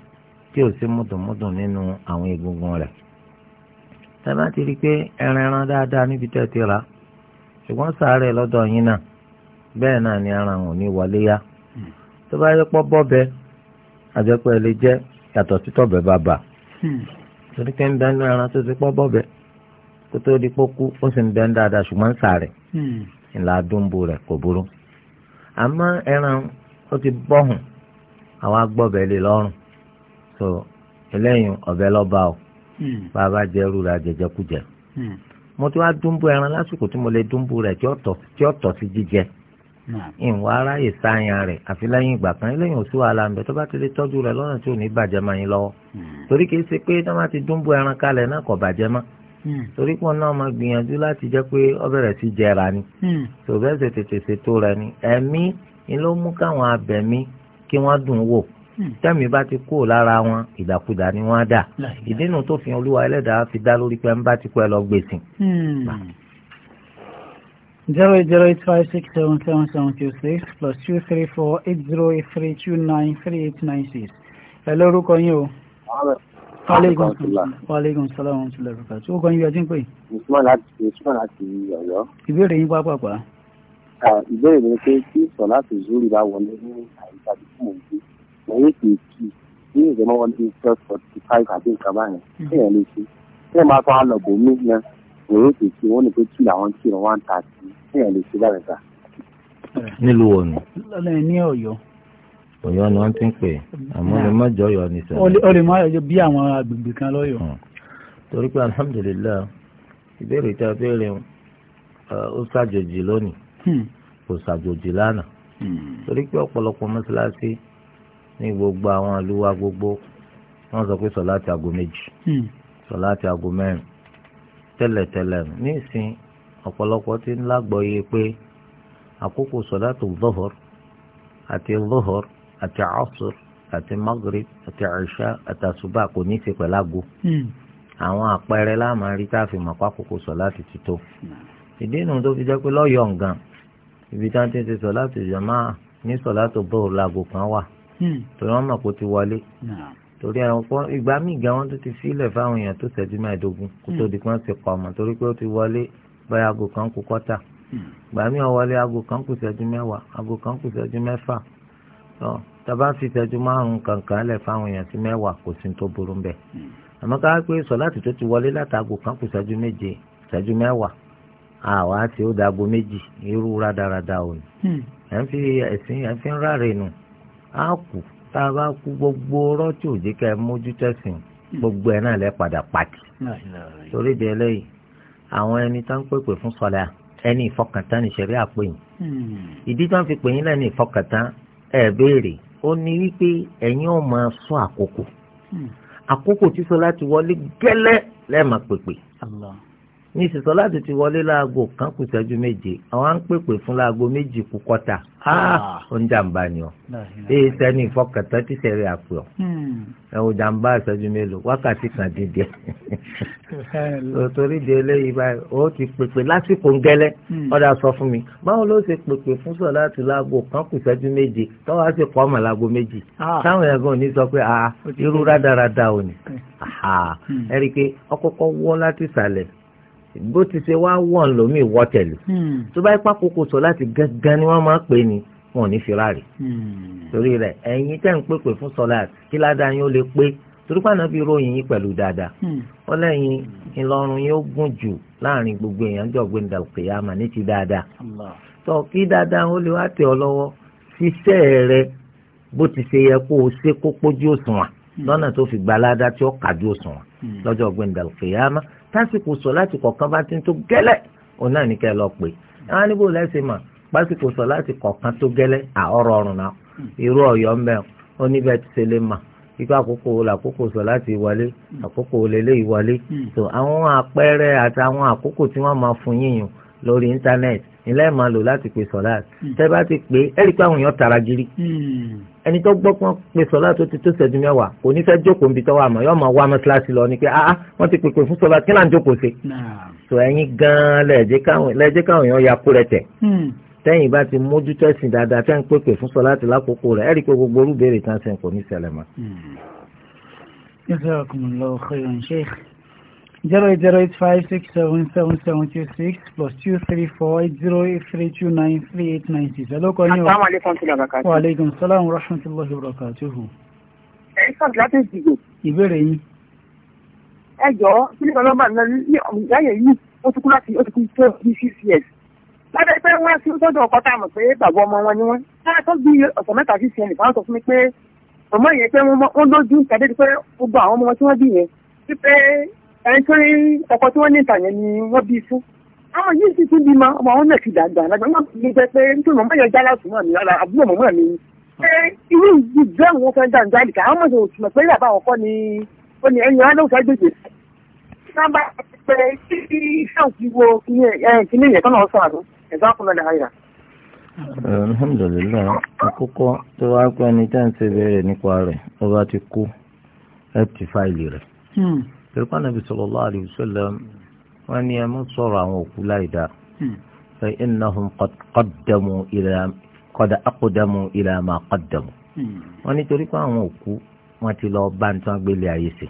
تيو سمدو مدو ننو أوي غوغو لك tẹ́lá ti rí i pé ẹran ẹran dáadáa níbi tẹ́ ti ṣùgbọ́n sàárẹ̀ lọ́dọ̀ yín náà bẹ́ẹ̀ náà ni ara ní wọlé yá hmm. tó bá yẹ pọ́ bọ́bẹ àjẹpọ̀ jẹ́ yàtọ̀ títọ̀ bẹ́ẹ̀ bá bà hmm. torí pé ń bẹ́ẹ̀ ní tó ti pọ́ kó tó di ó sì ń bẹ́ẹ̀ dáadáa ṣùgbọ́n sàárẹ̀ hmm. ńlá dúnbù rẹ̀ so eléyìí Hmm. bàbá jẹrú la jẹjẹkújẹ hmm. mo ti wá dúnbú ẹran lásìkò tí mo lè dúnbú rẹ̀ tí ó tọ́ sí jíjẹ ìwọ aráyè sáyàn rẹ̀ àfi lẹ́yìn ìgbà kan lẹ́yìn òsì wàhálà ń bẹ tó bá ti lè tọ́jú rẹ̀ lọ́nà tí ò ní bàjẹ́ máa yín lọ́wọ́ hmm. torí kìí ṣe pé tó bá ti dúnbú ẹran kalẹ̀ náà kò bàjẹ́ mọ́ torí pọ̀ náà máa gbìyànjú láti jẹ́ pé ó bẹ̀rẹ̀ sí jẹra ni tòbẹ́sẹ̀ tètè ṣètò rẹ̀ ni ẹ̀mí ni ló mú káwọn abẹ̀mí kí wọ́n dùn wò tẹ́mi bá ti kó lára wọn ìdàkudà ni wọ́n á dà ìdínú tó fi olúwa ẹlẹ́dàá fi dá lórí pé ń bá ti kó ẹ lọ gbèsìn. Hmm. zero eight zero eight five six seven seven seven two six plus two three four eight zero eight three two nine three eight nine six ẹ lórúkọ yín o. Aleykum salaam. Aleykum salaam wa rahmatullahi wa barakatuh. Ó kàn yíyá tí ń pè. Usman láti Usman láti Ọ̀yọ́. Ìbéèrè yín pápápá. Ah, ìbéèrè mi ni pé kí sọ̀ láti Zúrì bá wọlé ní àyíká tí mò ń gbé na yake ki ni ya zama wani ta 45 abin kama ne sai ya nufi sai ma ta hala gomi na na yake ki wani ni. lọ́nà ni wọ́n ti ń pè àmọ́ ẹ mm-hmm. má jọ ọ̀yọ́ ní sẹ́yìn. ó lè má yọjọ bí àwọn agbègbè kan lọ́yọ̀. Mm. torí pé alhamdulilayi ìbéèrè tá a béèrè uh, ó ṣàjòjì lónìí hmm. kò ṣàjòjì lánàá hmm. torí pé ọ̀pọ̀lọpọ̀ mọ́ṣáláṣí ní gbogbo àwọn àlùwà gbogbo wọ́n sọ pé sọlá ti aago méjì hmm. sọlá ti aago mẹ́rin tẹ́lẹ̀tẹ́lẹ̀ ní ìsìn ọ̀pọ̀lọpọ̀ ti ń lágbọ́yé pé àkókò sọlá tó dọ́họ̀r àti dọ́họ̀r àti ọ̀sùr àti magrib àti ìṣá àti àṣùbà kò ní í ṣe pẹ̀lú aago hmm. àwọn àpẹẹrẹ láàmú rí tá a fi mọ̀ pákókò sọlá ti ti tó hmm. ìdí inú tó fi jẹ́ pé lọ́yọ̀ǹgàn ibi tí wọ́n ti ń ṣe sọlá tó jàmáà ní sọlá tó bọ́ọ̀ làgò kan wà. Hmm. torí wọ́n mọ̀ kó ti wọlé torí àwọn kan ìgbà míì gan wọn tó ti sílẹ̀ fáwọn èèyàn tó ṣẹ́jú mẹ́ẹ̀ẹ́dógún kó tó hmm. di pé wọ́n ti pa ọmọ torí pé ó ti wọlé báyà aago kan kù kọ́tà hmm. ìgbà míì ó wọlé aago kan kù ṣẹ́jú mẹ́wàá aago kan kù ṣẹ́jú mẹ́fà tàbá fi ṣẹ́jú márùn-ún kankan lẹ̀ fáwọn èèyàn sí mẹ́wàá kò sí tó burú bẹ́ẹ̀ àmọ́ ká pé sọ̀láàtì tó ti wọlé látàgò kan kù ṣẹ́jú méje ṣẹ́jú mẹ́wàá àwa ti ó dàgbo méjì irú rádaràda òní ẹ̀ ń fi ẹ̀sìn ẹ̀ ń fi ń ráre nù á kù tá a bá kú gbogbo ọ̀rọ̀ tí ò jẹ́ ká mójú tẹ̀sìn gbogbo ẹ̀ náà lẹ́ padà pàtì. torí di eléyìí àwọn ẹni tá ń pèpè fún sọlá ẹni ìfọkàntán ní sẹ̀rí àpè yìí. ìdí tó ń fi pè yín lẹ́ni ìfọkàntán ẹ̀ béèrè ó ní wípé ẹ̀yin ò máa sọ àkókò hmm. àkókò tí sọlá ti wọlé gẹ́lẹ́ lẹ́ẹ̀ pèpè ní ìsìsọ láti ti wọlé láago kan kù ìṣẹ́jú méje àwọn à ń pèpè fún láago méjì kù kọ́ta ó ń jàǹbá ni ọ èyí sẹ́ni ìfọkàntán ti sẹ̀rí àpè ọ hmm. ẹ̀wọ̀n jàǹbá ìṣẹ́jú mélòó wákàtí kan dídẹ torí di eléyìí báyìí ó ti pèpè lásìkò ńgẹ́lẹ́ ọ̀dà hmm. sọ fún mi báwo ló ṣe pèpè fún sọ láti láago kan kù ìṣẹ́jú méje tọ́wọ́ á sì kọ́ ọmọ láago méjì ah. táwọn ẹ̀gbọ́n ní sọ pé ah, irú rádaràda ò ní hmm. ẹ̀rí pé ọkọ̀ọ̀kọ̀ wọ́ láti sàlẹ̀ bó ti ṣe wá wọ̀n lómi wọ́tẹ̀lì hmm. tó bá ipá kókó sọ láti gángan ni wọ́n máa pè ní wọn ò ní fi ráàlì. Hmm. torí rẹ̀ ẹ̀yin tẹ́ ń pèpè fún sọlá kí ládàá yín ó lè pé torí pàánà bí ròyìn yín pẹ̀lú dáadáa hmm. ó lẹ́yìn ìlọrun yóò gùn jù láàrin gbogbo èèyàn jọ̀gbìn dàlùkìyàmà ní ti dáadáa tó kí dáadáa ó lè wá tẹ̀ ọ́ lọ́wọ́ ṣiṣẹ́ rẹ bó ti ṣe yẹ kó o ṣe kó pójú òṣùwọ̀n lọ́nà tó fi gbalada tí ó kàjú òṣùwọ̀n lọ́jọ́ ọ̀gbìn dàlùkìyàmà tásìkò sọ láti kọ̀ọ̀kan bá ti ń tó gẹ́lẹ́ òun náà ní kẹ́ ẹ lọ pè àwọn níbo lẹ́sìn mà pásìkò sọ láti kọ̀ọ̀kan tó gẹ́lẹ́ àọ̀rọ̀ ọ̀run náà irú ọ̀yọ́ ń bẹ̀ ó níbẹ̀ ti ṣe lè mà ikú àkókò làkókò sọ láti wọlé àkókò lélẹ́ ìwọlé tó àwọn àpẹẹrẹ àtàwọn àkókò tí wọ́n máa fún yíyùn lórí íńtánẹ́ẹ̀tì ilé ẹ̀ máa lò láti pè sọ̀láàtì tẹ́ bá ti pè é rí ẹni tó gbọ́ pọ́n pé sọlá tó ti tó ṣẹ́jú mẹ́wàá kò ní fẹ́ jókòó níbi tọ́wọ́ àmọ́ yóò máa wá mọ́ṣáláṣí lọ ni pé ah, ah wọ́n ti pèpè fún sọlá kí là ń jókòó ṣe. sọ ẹ̀yin gan-an lẹ́ẹ̀jẹ́ káwọn èèyàn ya kó rẹ tẹ̀. Hmm. tẹ́yìn bá ti mójútó ẹ̀sìn dáadáa tẹ́ ń pèpè fún sọlá ti lákòókò rẹ̀ ẹ̀rí pé gbogbo olúbèrè tán ṣe kò ní ṣẹlẹ̀ mọ́. Hmm zero eight zero eight five six seven seven seven two six plus two three four eight zero eight three two nine three eight nine six. hello kọ́ ni o. asalaamualeykum tí lọ́ba kan. waaleykum salaam wa rahmatulahi wa barakatuhu. ẹ sọ láti dìbò. ìbéèrè yín. ẹ jọ̀ọ́ kí ni ọlọ́mọ àná ní ọ̀gáyẹ̀ yìí ó ti kú láti ó ti kú tó bí six years. lábẹ́ pé wọ́n ti sọ́dọ̀ ọkọ tá a mọ̀ pé bàbá ọmọ wọn ni wọ́n. ká tó bí ọ̀sán mẹ́ta sí sẹ́yìn nìkan sọ fún mi pé ọmọ yẹn pé wọ́n ẹni tó ọkọ tí wọ́n ní ìtàyẹn ni wọ́n bí fún àwọn yìí sì tún bímọ ọmọ àwọn náà ti dàgbà lágbàgbà mi jẹ pé nítorí mọ̀mọ́ yẹn já láti mọ̀ mi ara àbúrò mọ̀mọ́ mi ṣé ilé ìdí bẹ́ẹ̀ wọn fẹ́ dá nǹkan àwọn mọ̀ pé yàrá àwọn kọ́ ni ó ní ẹni wọn wo alhamdulilayi àkókò tó wá pẹ́ ni tẹ́ǹsì bẹ̀rẹ̀ nípa rẹ̀ tẹ̀lifá nàbì sallallahu alayhi wa sallam wọ́n ní ẹ mọ́ sọ̀rọ̀ àwọn òkú láì dá hmm. fa innahum qaddamu ila qad aqdamu ila ma qaddamu hmm. wọ́n nítorí pé àwọn òkú wọ́n ti lọ bá nǹkan gbélé ayé sí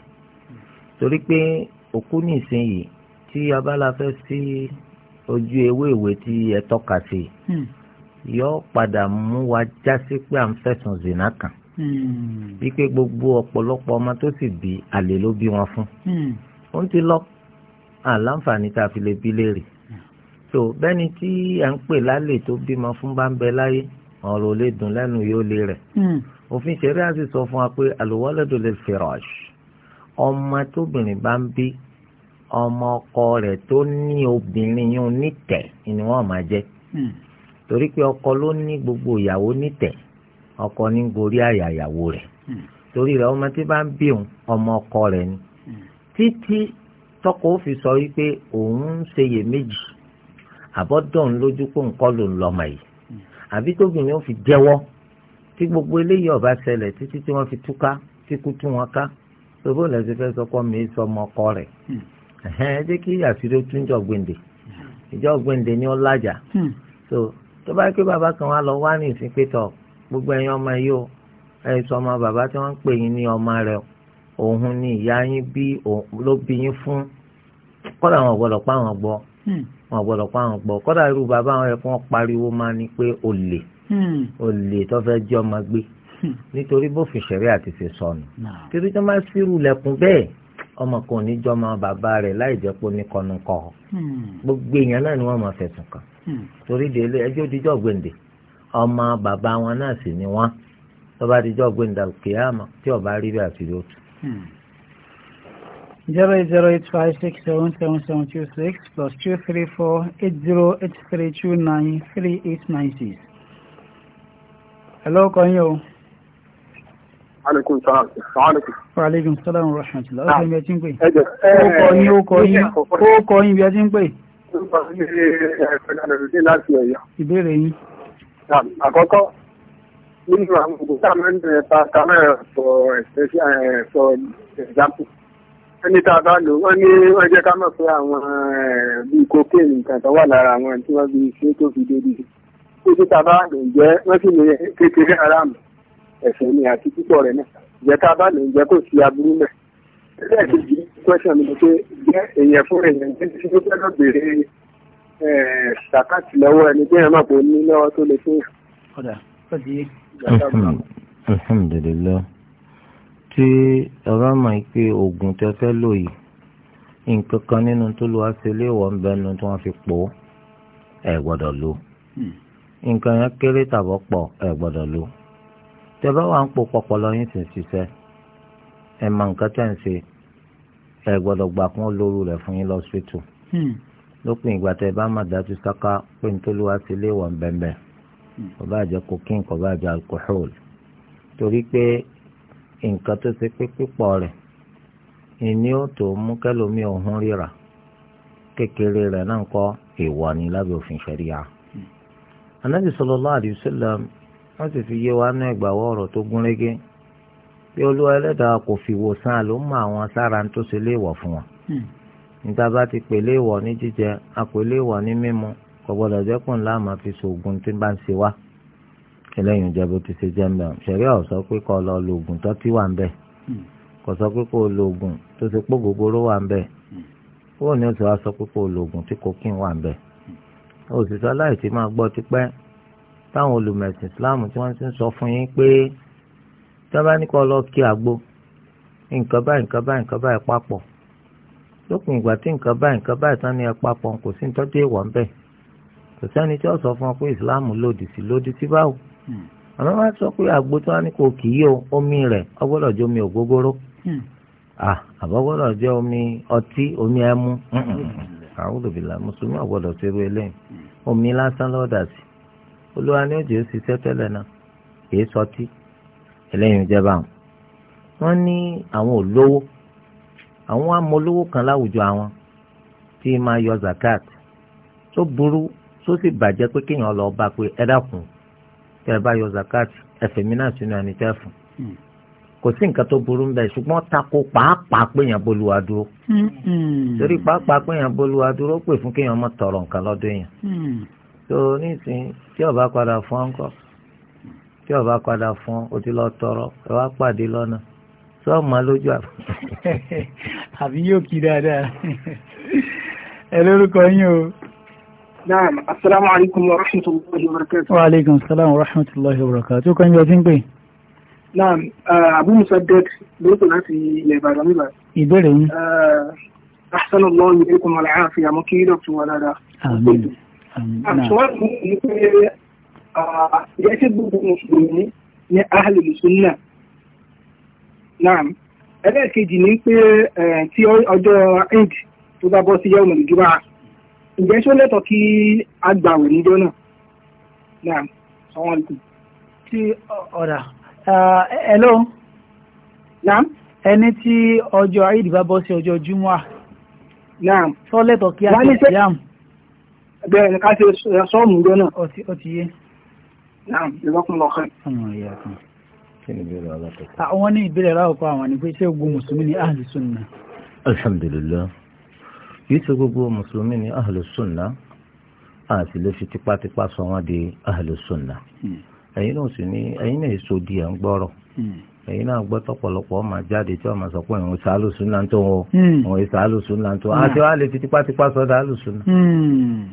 torí pé òkú ní tí abala fẹ́ sí ojú ewé ìwé tí ẹ tọ́ka sí hmm. yóò padà mú wa já pé à ń fẹ̀sùn zina kan. Hmm. wípé gbogbo ọ̀pọ̀lọpọ̀ ọmọ tó sì bí àlè ló bí wọn fún òun hmm. ti lọ àlàǹfààní tá a fi lè bí léèrè hmm. so bẹ́ni tí ẹ̀ ń pè lálè tó bímọ fún bá ń bẹ láyé ọ̀rọ̀ lè dùn lẹ́nu yóò lè rẹ̀ òfin ṣẹ̀rí àti sọ fún wa pé àlùwọ́lẹ́dò lè firash ọmọ tóbìnrin bá ń bí ọmọ ọkọ rẹ̀ tó ní obìnrin yún nítẹ̀ ni wọ́n máa jẹ́ torí pé ọkọ ló ní gbogbo ìyàwó nítẹ̀ ọkọ ní gorí àyà ìyàwó rẹ̀ hmm. torí rẹ̀ ọmọ tí bá ń bí òun ọmọ ọkọ rẹ̀ ni hmm. títí tọkọ ó fi sọ wípé òun ń ṣeyè méjì àbọ̀dọ̀ ń lójú pé nǹkan ló ń lọ́mọ yìí hmm. àbí tóbìnrin ó fi jẹ́wọ́ tí gbogbo eléyìí ọba ṣẹlẹ̀ títí tí wọ́n fi túká tí kú tú wọn ká lóbó lẹ́sìn fẹ́ sọ pé mi sọ ọmọ ọkọ rẹ̀ ẹ jẹ́ kí àṣírí ó tún jọ gbèǹde ìjọ gbèǹde ni ó lájà so tó bá pé bàbá kan wá lọ wá ní ìsìn pé gbogbo ẹ̀yin ọmọ yìí o ẹ̀yin sọ ọmọ bàbá tí wọ́n ń pè yín ní ọmọ rẹ̀ òun ni ìyá yín bí ló bí yín fún kọ́dà wọn gbọ́dọ̀ pa àwọn gbọ́ hmm. wọn gbọ́dọ̀ pa àwọn gbọ́ kọ́dà irú bàbá wọn yẹ kí wọ́n pariwo máa ní pé olè hmm. olè tó fẹ́ jẹ́ ọmọ gbé hmm. nítorí bófin ṣẹ̀rí àti ṣe sọnù torí tó máa ṣírù lẹ̀kùn bẹ́ẹ̀ ọmọ kan ní jọmọ bàbá rẹ̀ láì jẹ́ pé oníkọnukọ gbogbo èèyàn náà ni wọ́n máa fẹ̀sùn kàn torí délé ẹjọ́ òdìjọ́ gbèǹde ọmọ bàbá wọn náà sì ni wọ́n tó bá dijọ́ gbẹ̀ndà kìyàmà tí ọba rí bẹ́ẹ̀ àfi lótú. Hmm. zero eight zero eight five six seven seven seven two six plus two three four eight zero eight three two nine three eight nine six. hello kọ́nyìn o. aleykum salaam aleykum. wa aleykum salaam wa rahmatulah. ọ̀sẹ̀ mi ẹ ti ń pè. ó kọ́ yín ó kọ́ yín ó kọ́ yín bí ẹ ti ń pè. ìbéèrè yín àkọ́kọ́ nínú àwọn gbogbo tá a máa ń bẹ̀rẹ̀ pa kamẹ́rà for example ẹni tá a bá lò wọ́n ní wọ́n jẹ́ ká mọ̀ pé àwọn bíi cocaine nǹkan tó wà lára àwọn tí wọ́n fi ṣe tó fi dédé títí tá a bá lò jẹ́ wọ́n sì ní kékeré aráàmù ẹ̀sẹ̀ ni àti púpọ̀ rẹ̀ náà jẹ́ tá a bá lò jẹ́ kò sí aburú náà ẹlẹ́ẹ̀kejì question mi ni pé jẹ́ èèyàn fún èèyàn tí ó fẹ́ lọ ṣàkàtì eh, lọ́wọ́ ẹni bí ẹ̀rọ kò ní lọ́wọ́ tó lè fún yàn. ọ̀dà ó di yé. alhamdulilayi tí ọba máa ń pe oògùn tẹ fẹ́ lò yìí nǹkan kan nínú tó lo àṣẹlé ìwọ̀ ń bẹnu tí wọ́n fi pọ̀ ẹ̀ gbọ́dọ̀ lò hmm. nǹkan yẹn kéré tàbọ̀ pọ̀ ẹ̀ gbọ́dọ̀ lò tẹ bá wà ń po pọpọ lọ́yìn sì ń ṣiṣẹ́ ẹ̀ mọ nǹkan tẹ̀ ń ṣe ẹ̀ gbọ́dọ̀ gbà kún olóru rẹ̀ fún yín lọ́sítù. Hmm lópin ìgbà tẹ bá má dájú sáká pé nítorí wá sí ilé wọn bẹ́ẹ̀ kò bá jẹ́ cocaine kò bá jẹ́ alcohol torí pé nǹkan tó ṣe pé pípọ̀ rẹ̀ ìní ò tó mú kẹlòmí ọ̀hún ríra kékeré rẹ̀ náà kọ́ èèwọ̀ ni lábẹ́ òfin ṣẹ̀ríya. anábì sallallahu alaihi wasallam wọ́n sì fi yé wa ní ẹgbàwọ́ ọ̀rọ̀ tó gún régé pé olúwa ẹlẹ́dàá kò fi wòsàn àlòmọ́ àwọn sára tó ṣe léèwọ̀ fún wọn níta bá ti pèlè ìwọ̀ ní jíjẹ àpèlè ìwọ̀ ní mímu kò gbọdọ̀ jẹ́ kó ńlá àmọ́ fi ṣoògùn tí bá ń ṣe wá eléyìí ń jẹ́ bó ti ṣe jẹ́ ń bẹ̀ ṣẹ̀rí ọ̀ sọ pé kó lọ lo oògùn tó ti wà ń bẹ̀ hmm. kò sọ pé kó lo oògùn tó ti pọ̀ gbogbooro wà ń bẹ̀ hmm. ó ní oṣù wa sọ pé kó lo oògùn tí kokéèn wà ń bẹ̀ òṣìṣẹ́ hmm. aláìsí máa gbọ́ tipẹ́ táwọn olùmẹ̀sìn Islam tí wọ́n ti ń sọ fún yín pé tí wọ́n bá ní kó lọ kí àgbo nǹkan báyìí nǹkan báyìí nǹkan báyìí papọ̀ lópin ìgbà tí nǹkan báyìí nǹkan báyìí tán ni ẹ papọ̀ kò sí nítọ́jú ìwọ̀ ńbẹ̀ kò sẹ́ni tí ó sọ fún ọ pé islam lòdì sí lòdì sí báwo hmm. àmọ́ wá sọ pé àgbo tí ní kò kì í o omi rẹ ọ omi ògógóró hmm. omi ọtí omi ẹmu hmm. mùsùlùmí ṣe ru eléyìí omi lásán sí olúwa ni ó náà kì í sọtí eléyìí ń báwọn ní àwọn olówó àwọn amolówó kan láwùjọ àwọn tí máa yọ zakat tó burú tó sì bàjẹ́ pé kéèyàn lọ bá pé ẹ dákun tẹ́ ẹ bá yọ zakat ẹ̀fẹ̀mí náà sínú ẹni tẹ́ fún hmm. kò sí nǹkan tó burú ń bẹ ṣùgbọ́n tako pàápàá péyàn bolúwa dúró hmm. torí pàápàá péyàn bolúwa dúró pè fún kéèyàn má tọrọ nǹkan lọ́dọ̀ èèyàn tó hmm. nísìnyí tí ọba padà fún ọ ńkọ́ tí ọba padà fún ọ ti lọ tọrọ ẹ wá pàdé lọ́nà sọ ọmọ lójú àbọ̀ àbí yóò kí dáadáa ẹ lórúkọ yín o. naam asalaamu alaykum wa rahmatulahi wa barakatu. wa aleykum salaam wa rahmatulahi wa barakatu. kan yóò ti ń pè. naam abu musaddad lóko láti ilẹ̀ ìbàdàn nígbà. ìbéèrè yín. ahsan allah yi ilkum alaafi àmọ́ kí dọ̀tun wà dáadáa. àmín àmín naam. àtúwọ́n mi ní pé ẹ ṣe gbogbo mùsùlùmí ní ahlul sunnah naam ẹlẹ́ẹ̀kejì ni pé tí ọjọ́ eid tó bá bọ́ sí yẹ́wọ̀n ìjọba ǹjẹ́ ṣó lẹ́tọ̀ọ́ kí a níjọ́ náà naam àwọn àlùkù. tí ọ̀rà hello. naam. ẹni tí ọjọ́ eid bá bọ́ sí ọjọ́ jumua. naam. sọ lẹ́tọ̀ọ́ kí a ṣe ìyàm. bẹ́ẹ̀ ni ká ṣe sọ́ọ̀mù ìjọ náà. ó ti yé. naam ìlọ́kùnlọ́kàn kí ni ìbéèrè alákọ̀ọ́kọ́. àwọn ah, ní ìbéèrè alákọ̀ọ́kọ́ àwọn ni pé ṣé gbogbo mùsùlùmí ni ahlu sunna. alhamdulillah yìí ṣe gbogbo mùsùlùmí ni ahlu sunna a sì lè fi tipátipá sọ wọn di ahlu sunna. ẹ̀yin náà sì ní ẹ̀yin náà èso di à ń gbọ́rọ̀ ẹ̀yin náà gbọ́ tọ́pọ̀lọpọ̀ ọmọ jáde tí ọmọ sọ pé òun sàálùsùn náà tó wọn hmm. òun sàálùsùn náà tó àti wọn hmm. lè fi tipátipá sọdọ̀ àlùsùn náà.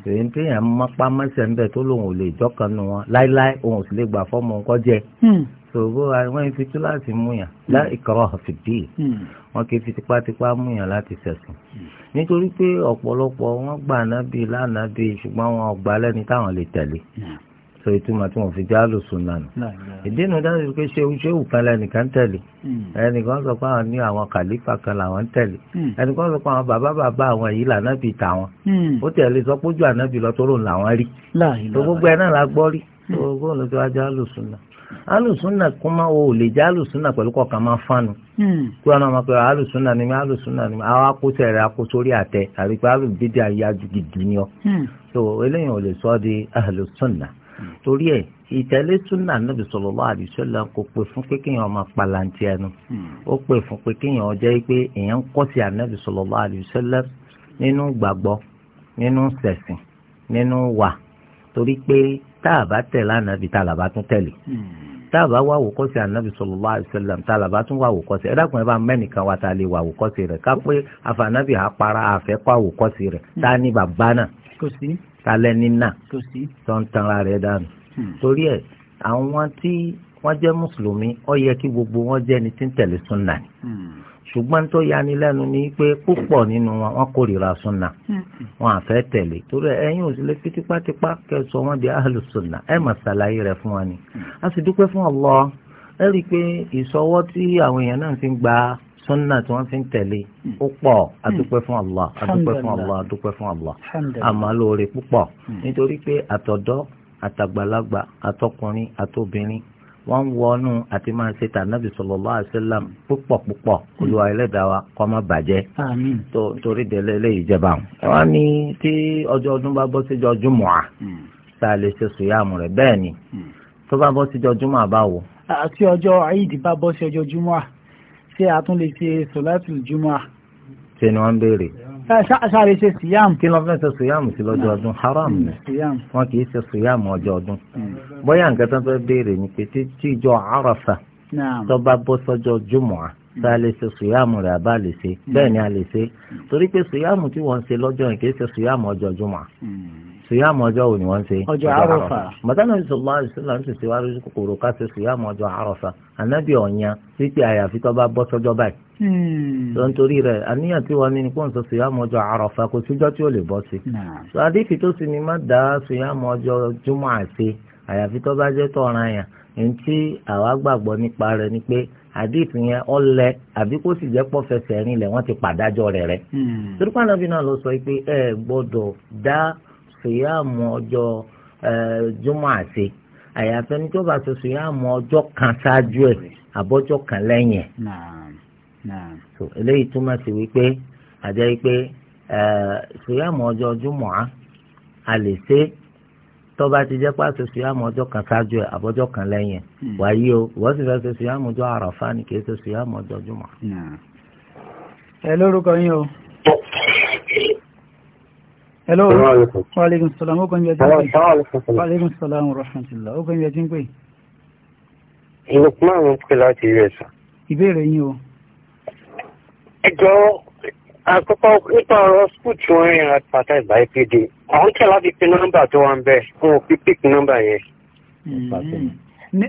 èyí ń téèyàn mápá mẹ́sẹ̀ ń bẹ̀ tó lòun ò lè jọ́kan nu wọn láíláí òun ò sì lè gbà fọ́ọ̀mù sòwò àwọn ifi tó láti mú yàn hmm. lá ikraha fi ddin hmm. wọn kì í fi tipátipá mú yàn láti ṣẹ̀sìn hmm. nítorí pé ọ̀pọ̀lọpọ̀ wọn gbà nábì lánàbì ṣùgbọ́n wọn ọgbà lẹ́ni táwọn lè tẹ̀lé sọ ìtumọ̀ tí wọ́n fi já lò sùn lánàá ìdínú dájú pé ṣé ṣé òkan lẹ́nìkan tẹ̀lé ẹnìkan sọ pé àwọn ní àwọn kàlífà kan làwọn ń tẹ̀lé ẹnìkan sọ pé àwọn bàbá bàbá àwọn yìí lànàbì tàwọn ó tẹ̀lé sọ pé ojú ànàbì lọ tó rò làwọn rí gbogbo ẹ náà la gbọ́ rí gbogbo olùtọ́jú á já lò sùn náà. alùsùnà kuma o wo lè jẹ alùsùnà pẹ̀lú kọkàn máa fánu hmm. kí wọn máa pe alùsùnà ni alùsùnà ni àwọn akóso rẹ akóso rí àtẹ àbí pé alùbídé ayájú gidi ni ọ hmm. so eléyìí ò lè sọ di alùsùnà hmm. torí ẹ ìtẹ̀lé pe níbi sallallahu alaihi wasallam kò pè fún pé kéèyàn máa palantí ẹnu ó pè fún pé kéèyàn jẹ́ pé wà torí pé tá a bá tẹ̀lé ànábì tá a làbá tún tẹ̀lé hmm. tá a bá wá àwòkọ́ṣe ànábì sallallahu alaihi wasallam tá a làbá tún wá àwòkọ́ṣe ẹ̀dàkùn ẹ̀ bá mẹ́nìkan wa ta lè wá àwòkọ́ṣe rẹ̀ ká pé àfànàbì àpárá àfẹ́ kọ́ àwòkọ́ṣe rẹ̀ hmm. tá a ní bàbá náà tá a lẹ́ni náà tó ń tanra rẹ̀ dànù hmm. torí ẹ̀ àwọn tí wọ́n jẹ́ mùsùlùmí ó yẹ kí gbogbo wọn jẹ́ ni tí ń tẹ̀lé súnà ṣùgbọ́n tó yani lẹ́nu ni pé púpọ̀ nínú wọn wọn kórìíra sunna hmm. wọn àfẹ́ tẹ̀lé torí ẹ̀yin ò sì lè fi tipátipá kẹsọ wọn di ahlu sunna ẹ̀ mà ṣàlàyé rẹ̀ fún wa ni hmm. a sì dúpẹ́ fún Allah ẹ rí i pé ìṣọwọ́ tí àwọn èèyàn náà fi ń gba sunna tí wọ́n fi ń tẹ̀lé hmm. ó pọ̀ a dúpẹ́ fún Allah a dúpẹ́ fún Allah a dúpẹ́ fún Allah àmọ́ lóore púpọ̀ nítorí pé àtọ̀dọ́ àtàgbàlagbà àtọkùnrin àtobìnrin wọ́n ń wọnú àti máa ṣe tànàbì sallallahu alaihi wasallam púpọ̀ púpọ̀ olúwa ẹlẹ́dàá wa kó má bàjẹ́ torí délé eléyìí jẹba àwọn. wọ́n ní tí ọjọ́ ọdún bá bọ́ síjọ́ jùmọ̀à hmm. tá a lè ṣe sùyàmù rẹ̀ bẹ́ẹ̀ ni hmm. tó bá bọ́ síjọ́ jùmọ̀à báwo. àti ọjọ́ àyídì bá bọ́ sí ọjọ́ jùmọ̀à ṣé a tún lè ṣe sọ̀látùl jùmọ̀à. ṣé ni wọ́n ń béèrè ṣáàṣáàrí ṣe síyáàmù kí lọ́fẹ́ ṣe síyáàmù sí lọ́jọ́ ọdún haram ni wọ́n kì í ṣe síyáàmù ọjọ́ ọdún hmm. bóyá nǹkan tó fẹ́ béèrè ni pé tí ìjọ àràfà tó bá bọ́ sọ́jọ́ jùmọ̀á tá hmm. a lè ṣe síyáàmù rẹ̀ àbá lè ṣe hmm. bẹ́ẹ̀ ni a lè ṣe torí pé síyáàmù tí wọ́n ṣe lọ́jọ́ yẹn kì í ṣe síyáàmù ọjọ́ jùmọ̀á síyàmù ọjọ́ wo ni wọ́n ṣe. ọjọ́ àròfà. mọ̀tánà ìṣòwò àìsílà ń tètè wá lórí kòkòrò ká ṣe síyàmù ọjọ́ àròfà ànábì ọ̀yàn títí àyàfi tó bá bọ́ sọ́jọ́ báyìí. tó ń torí rẹ̀ àníyàn tí wọ́n ní ni pọ́ǹsọ síyàmù ọjọ́ àròfà kò síjọ́ tí ó lè bọ́ sí. sọ àdìsí tó sì ni má dá síyàmù ọjọ́ júmọ̀ àti àyàfi tó bá jẹ́ tọ̀ràn yàn ntí àwa gbàgbọ́ nípa rẹ̀ ni pé àdìsí yẹn ọlẹ àbí kó sì jẹ́ pọ́ fẹsẹ̀ rinlẹ̀ ti pàdájọ́ rẹ̀ rẹ̀. Hmm. torí bí náà lọ sọ pé ẹ gbọ́dọ̀ dá sùyàmù ọjọ́ jùmọ̀ àti àyàfẹ́ ní tó bá ṣe sùyàmù ọjọ́ kan ṣáájú ẹ̀ àbọ́jọ́ kan lẹ́yìn so eléyìí túmọ̀ sí wípé àjẹ́ wípé sùyàmù ọjọ́ jùmọ̀ á a lè ṣe tó bá ti jẹ́ pàṣẹ sùyàmù ọjọ́ kan ṣáájú ẹ̀ kan lẹ́yìn hmm. wáyé o wọ́n sì fẹ́ ṣe sùyàmù àràfà ni kì í ṣe sùyàmù jùmọ̀. o. hello waaleykum salaam ó kàn yẹ jíǹkì waaleykum salaam rahmatulah ó kàn yẹ jíǹkì. Lukman ń pè láti us. ìbéèrè yín o. ẹ jọ̀ọ́ àkọ́kọ́ nípa ọ̀rọ̀ school tí wọ́n rìn advertise by pd àwọn tí aláfi pin nọ́mbà tó wà ń bẹ̀ fún òfin pick nọ́mbà yẹn. Hmm.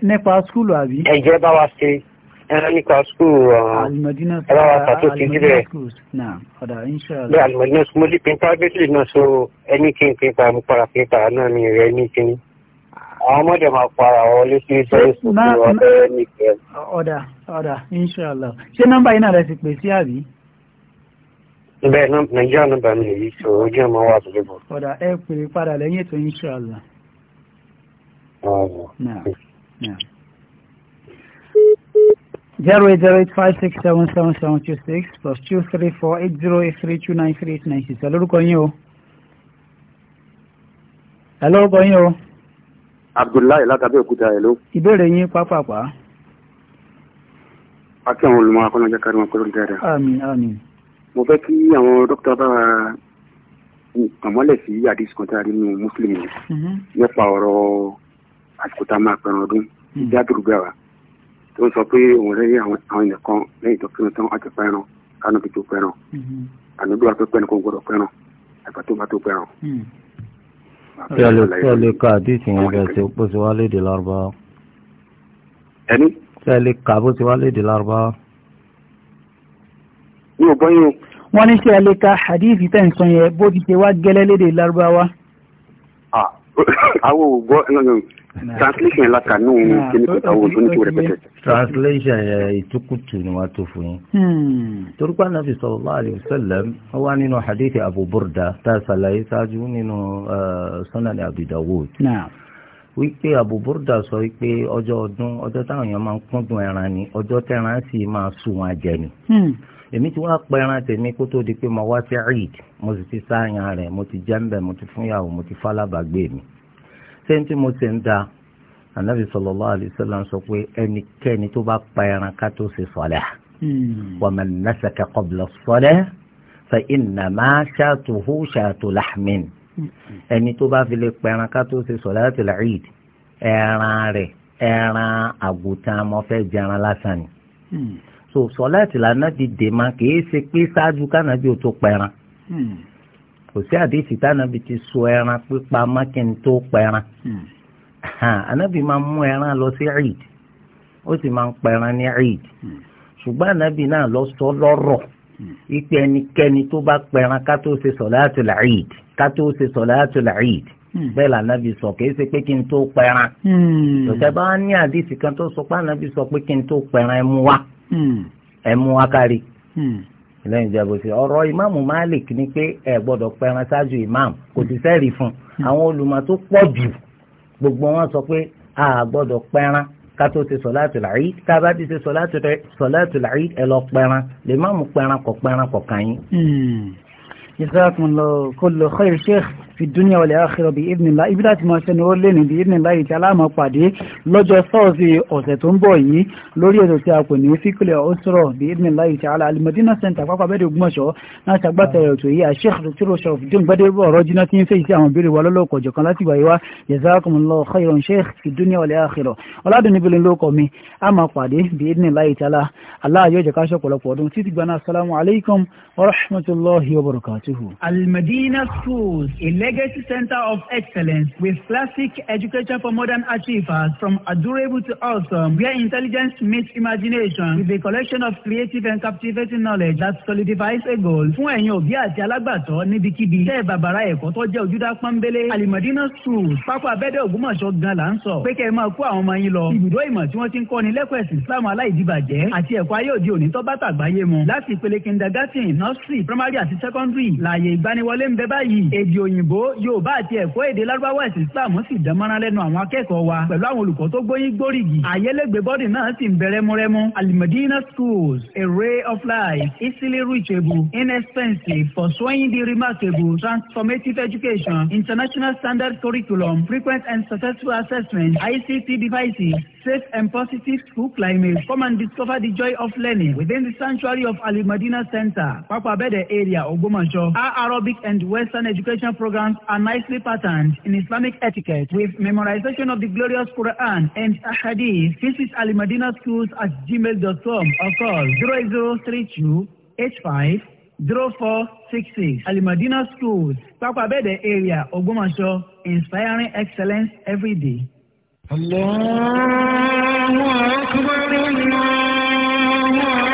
nípa school àbí. ẹ jẹ́ bá wa ṣe ẹran nípa skul ẹran wa pàtó ti jíbẹ bí alimọdínà skul mo ti pin privately náà so ẹni kí n pin mo para pin pa náà mi rẹ ní kíní àwọn ọmọdé máa para wọlé sí ìtọ́jú skul wọn bẹ́ẹ̀ ní kẹ́. ọ̀dà ọ̀dà inshallah ṣé nọ́mbà yìí náà rẹ ti pè sí àbí. bẹ́ẹ̀ nàìjíríà nọ́mbà mi yìí so ojú ọmọ wa àbúrò bọ̀. ọ̀dà ẹ pè é padà lẹ́yìn ètò inshallah. ọ̀rọ̀ náà zero eight zero eight five six seven seven seven two six plus two three four eight zero eight three two nine three eight nine six ẹ lórúkọ yín o ẹ lórúkọ yín o. abdullahi látàbí òkúta ẹ ló. ìbéèrè yín pápápá. akẹ́ àwọn olùmọ̀ kárí wọn kọ́ lórí dáadáa. àmín àmín. mo fẹ́ kí àwọn dókítà bá wa àmọ́lẹ̀ sí àdìsí kan tá a rí nínú mùsùlùmí mhm. nípa ọ̀rọ̀ àsìkò tá a máa pẹ̀rọ̀ ọdún mhm. ìdádùrú gbà wá tó ń sọ pé òun rẹ yé àwọn èèyàn kan lẹ́yìn tó kírun tán àti pẹran kánú fi tó pẹran mm-hmm. ànúdó àti pẹran kò gbọ́dọ̀ pẹran àgbà tó bá tó pẹran. Mm. kí a lè kí a lè ka àdìsí yẹn bẹ́ẹ̀ tó bó ti wá léde lárúbáwá. ẹni. kí a lè ka bó ti wá léde lárúbáwá. mi ò gbọ́ yín o. wọ́n ní kí a lè ka àdìsí tẹ̀ ń sọ yẹn bó ti ṣe wá gẹ́lẹ́ léde lárúbáwá. àwọn ò gbọ́ translation yẹn la ka n'o kini ko ta wo soni ti rẹpẹtẹ. translation yẹn ìtukutu ni wàá tó fún yín. Hmm. toríko anabi sallallahu alayhi wa sallam ó wà hadithi abu burda tá a ṣàlàyé ṣáájú nínú sunan abi dawud. wípé abu burda sọ wípé ọjọ́ ọdún ọjọ́ táwọn èèyàn máa ń kúndùn ẹran ni ọjọ́ tẹran sì máa sùn wọn jẹ ni. Hmm. èmi ti wá pa ẹran tèmi kó tó di pé mo wá sí eid mo sì ti sáyàn rẹ̀ mo ti jẹ́ ń bẹ̀ mo ti fúnyàwó mo ti fálábàgbé mi sẹ́ńtì mo ti ń da anabi sallallahu alayhi wa sallam sọ pé ẹnikẹ́ni tó bá pa ẹran ká tó ṣe sọlẹ hmm. wa man nasaka qabla sọlẹ fa innama shatuhu shatu lahmin hmm. ẹni tó bá fi pa ẹran ká tó ṣe salatul Eid ẹran rẹ̀ ẹran àgùntàn mo fẹ́ jẹran lásán ni hmm. so sọlẹ tìlànà ti dè má kì í ṣe pé ṣáájú kánábì ò tó pẹran kò sí àdéhìí tánàbí ti so ẹran pípa mákìn tó pẹran hmm. ànábì máa mú ẹran lọ sí eid ó sì máa ń pẹran ní eid hmm. ṣùgbọ́n ànábì náà lọ sọ lọ́rọ̀ ipe hmm. ẹnikẹ́ni tó bá pẹran ká tó ṣe sọ̀láàtùl eid ká tó ṣe sọ̀láàtùl eid bẹ́ẹ̀ là nàbì sọ kìí ṣe pé kí n tó pẹran tòtẹ́ bá ní àdìsí kan tó sọ pé ànàbì sọ pé kí n tó pẹran ẹ wa ẹ wa kárí lẹ́yìn ìjọba òsì ọ̀rọ̀ ìmáàmù Malik ni pé ẹ gbọ́dọ̀ pẹran ṣáájú ìmáàmù kò sì sẹ́rìí fún àwọn olùmọ̀ tó pọ̀ jù gbogbo wọn sọ pé a gbọ́dọ̀ pẹran ká tó ti sọ̀láàtù l'Eid ká bá ti ṣe sọ̀láàtù l'Eid ẹ lọ pẹran lè máàmù pẹran kọ̀ pẹran kọ̀ kàn yín. Hmm. jazakumullahu kullu khair sheikh fi dúníà wal akhirah bí ibnillah ibi láti máa ṣẹ́ni ó lé ní bí ibnillah yìí tí aláàmọ́ pàdé lọ́jọ́ sọ́ọ̀sì ọ̀sẹ̀ tó ń bọ̀ yìí lórí ètò tí a pè ní fíkìlẹ̀ ọ̀sọ̀rọ̀ bí ibnillah yìí tí ala alimọ̀dínà center pápá bẹ́ẹ̀ Ògbómọ̀ṣọ́ náà ṣàgbàtẹ̀rẹ̀ ètò yìí àṣeyàkùn tó tóró ṣọ̀f dín gbadébọ̀ ọ̀rọ̀ jiná tí ń fèyí sí àwọn ìbéèrè wa lọ́lọ́kọ̀ jọ̀kan láti wáyé wá jazakumullahu khairan sheikh fi dúníà wal akhirah ọ̀làdúnibìlẹ̀ lóko mi a máa pàdé wa rahmatullahi wa barakatuhu. Al-Madina Schools Legacy Center of Excellence with classic education for modern achievers from adorable to awesome, where intelligence meets imagination with a collection of creative and captivating knowledge that solidifies a goal. Fún ẹ̀yin òbí àti alágbàtọ́ níbikíbi, tẹ́ bàbàrà ẹ̀kọ́ tó jẹ́ ojúdá pọ́nbélé, Alimadina School, pápá abẹ́dẹ̀ Ògbómọ̀ṣọ́ gan la ń sọ. Pé kẹ́ ẹ máa kó àwọn ọmọ yín lọ. Ibùdó ìmọ̀ tí wọ́n ti ń kọ́ni lẹ́kọ̀ọ́ ẹ̀sìn Islam aláìdíbàjẹ́ àti ẹ̀kọ́ ayé òde òní tó bá tàgbáyé mu. Láti ìpele kindergarten, nursery, primary àti secondary, làyè ìgbaniwọlé ń bẹ báyìí. Èdè òyìnbó òyìnbó yorùbá àti ẹ̀kọ́ èdè lárúbáwá ẹ̀sìn islam sì dánmọ́rán lẹ́nu àwọn akẹ́kọ̀ọ́ wa pẹ̀lú àwọn olùkọ́ tó gbóyin gbóríyì àyẹlẹ́gbẹ́ bọ́dì náà sì ń bẹ rẹ́múrẹ́mú alimadina schools a ray of life easily reachable inexpensive pursuing the remarkable transformative education international standard curriculum frequent and successful assessment ICT devices safe and positive school climate come and discover the joy of learning within the sanctuary of alimadina center papa abede area ogbomoso our arabic and western education program observant are nicely patterned in Islamic etiquette with memorization of the glorious Quran and Ahadith. Visit Ali Madina Schools at gmail.com or call 0032 85 0466. Al Madina Schools, Papa Bede area, Ogbomoso, inspiring excellence every day. Allah, Allah, Allah, Allah.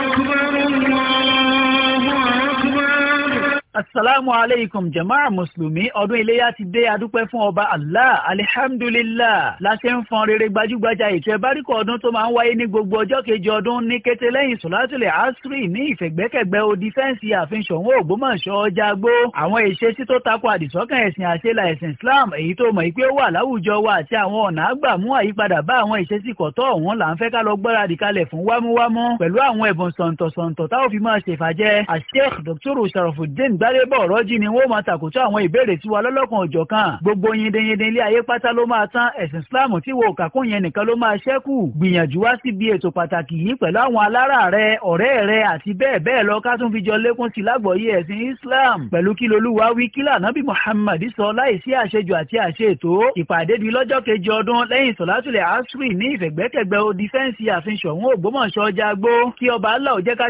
asalaamu aleykum jamaa mùsùlùmí ọdún iléyà ti dé adúpẹ́ fún ọba allah alihamdulilah láti ń fọn rere gbajúgbajà ètò ẹ̀bárikọ̀ ọdún tó máa ń wáyé ní gbogbo ọjọ́ kejì ọdún ní kété lẹ́yìn sọ̀látìlẹ̀ asri ní ìfẹ̀gbẹ́kẹ̀gbẹ́ odi fẹ́ǹsì ààfin ṣọ̀ún ògbómọ̀ṣọ́ ọjà gbó àwọn ìṣesí tó tako àdìsọ́kàn ẹ̀sìn àṣelà ẹ̀sìn islam èyí tó mọ̀ pé ó wà láwùjọ wa àti àwọn ọ̀nà àgbà mú àyípadà bá àwọn ìṣesí kọ̀tọ́ ọ̀hún là ń fẹ́ ká lọ gbáradì kalẹ̀ fún wámúwámú pẹ̀lú àwọn ẹ̀bùn sọ̀ǹtọ̀sọ̀ǹtọ̀ táwọn fi máa ṣèfàjẹ́ àṣeyẹ̀k dr sharafuddin àgbáyébọ̀ ọ̀rọ̀ jí ni wọ́n máa tàkótó àwọn ìbéèrè tiwa lọ́lọ́kan òjọ̀ kan gbogbo yindeyinde ilé ayé pátá ló máa tán ẹ̀sìn Islam tí wo kàkún yẹn nìkan ló máa ṣẹ́kù gbìyànjú wá síbi ètò pàtàkì yìí pẹ̀lú àwọn alára rẹ ọ̀rẹ́ rẹ àti bẹ́ẹ̀ bẹ́ẹ̀ lọ ká tún fi jọ lékún sí lágbọ̀ọ́yé ẹ̀sìn Islam pẹ̀lú kí lolúwa wí kí lànábì Muhammad sọ láìsí àṣejù àti àṣeètò ìpàdé di lọ́jọ́ kejì ọdún lẹ́yìn sọ̀látùlẹ̀ asri ní ìfẹ̀gbẹ́kẹ̀gbẹ́ odifẹ́ǹsì àfihàn Ògbómọ̀ṣọ́ jagbó kí ọba Allah ó jẹ́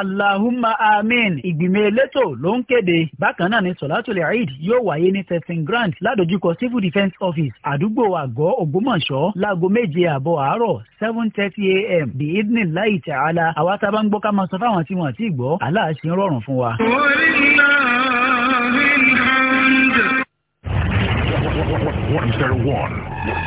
Allahumma amin ìgbìmọ̀ elétò ló ń kéde bákan náà ni sọ̀látùlẹ̀ eid yóò wáyé ní thirteen grand ládojúkọ civil defence office àdúgbò àgọ́ ògbómọ̀ṣọ́ láago méje àbọ̀ àárọ̀ seven thirty a.m. The evening láì tẹ̀ ala àwa tá a bá ń gbọ́ ká máa sọ fáwọn tí wọ́n ti gbọ́ aláàṣẹ rọrùn fún wa. one zero one.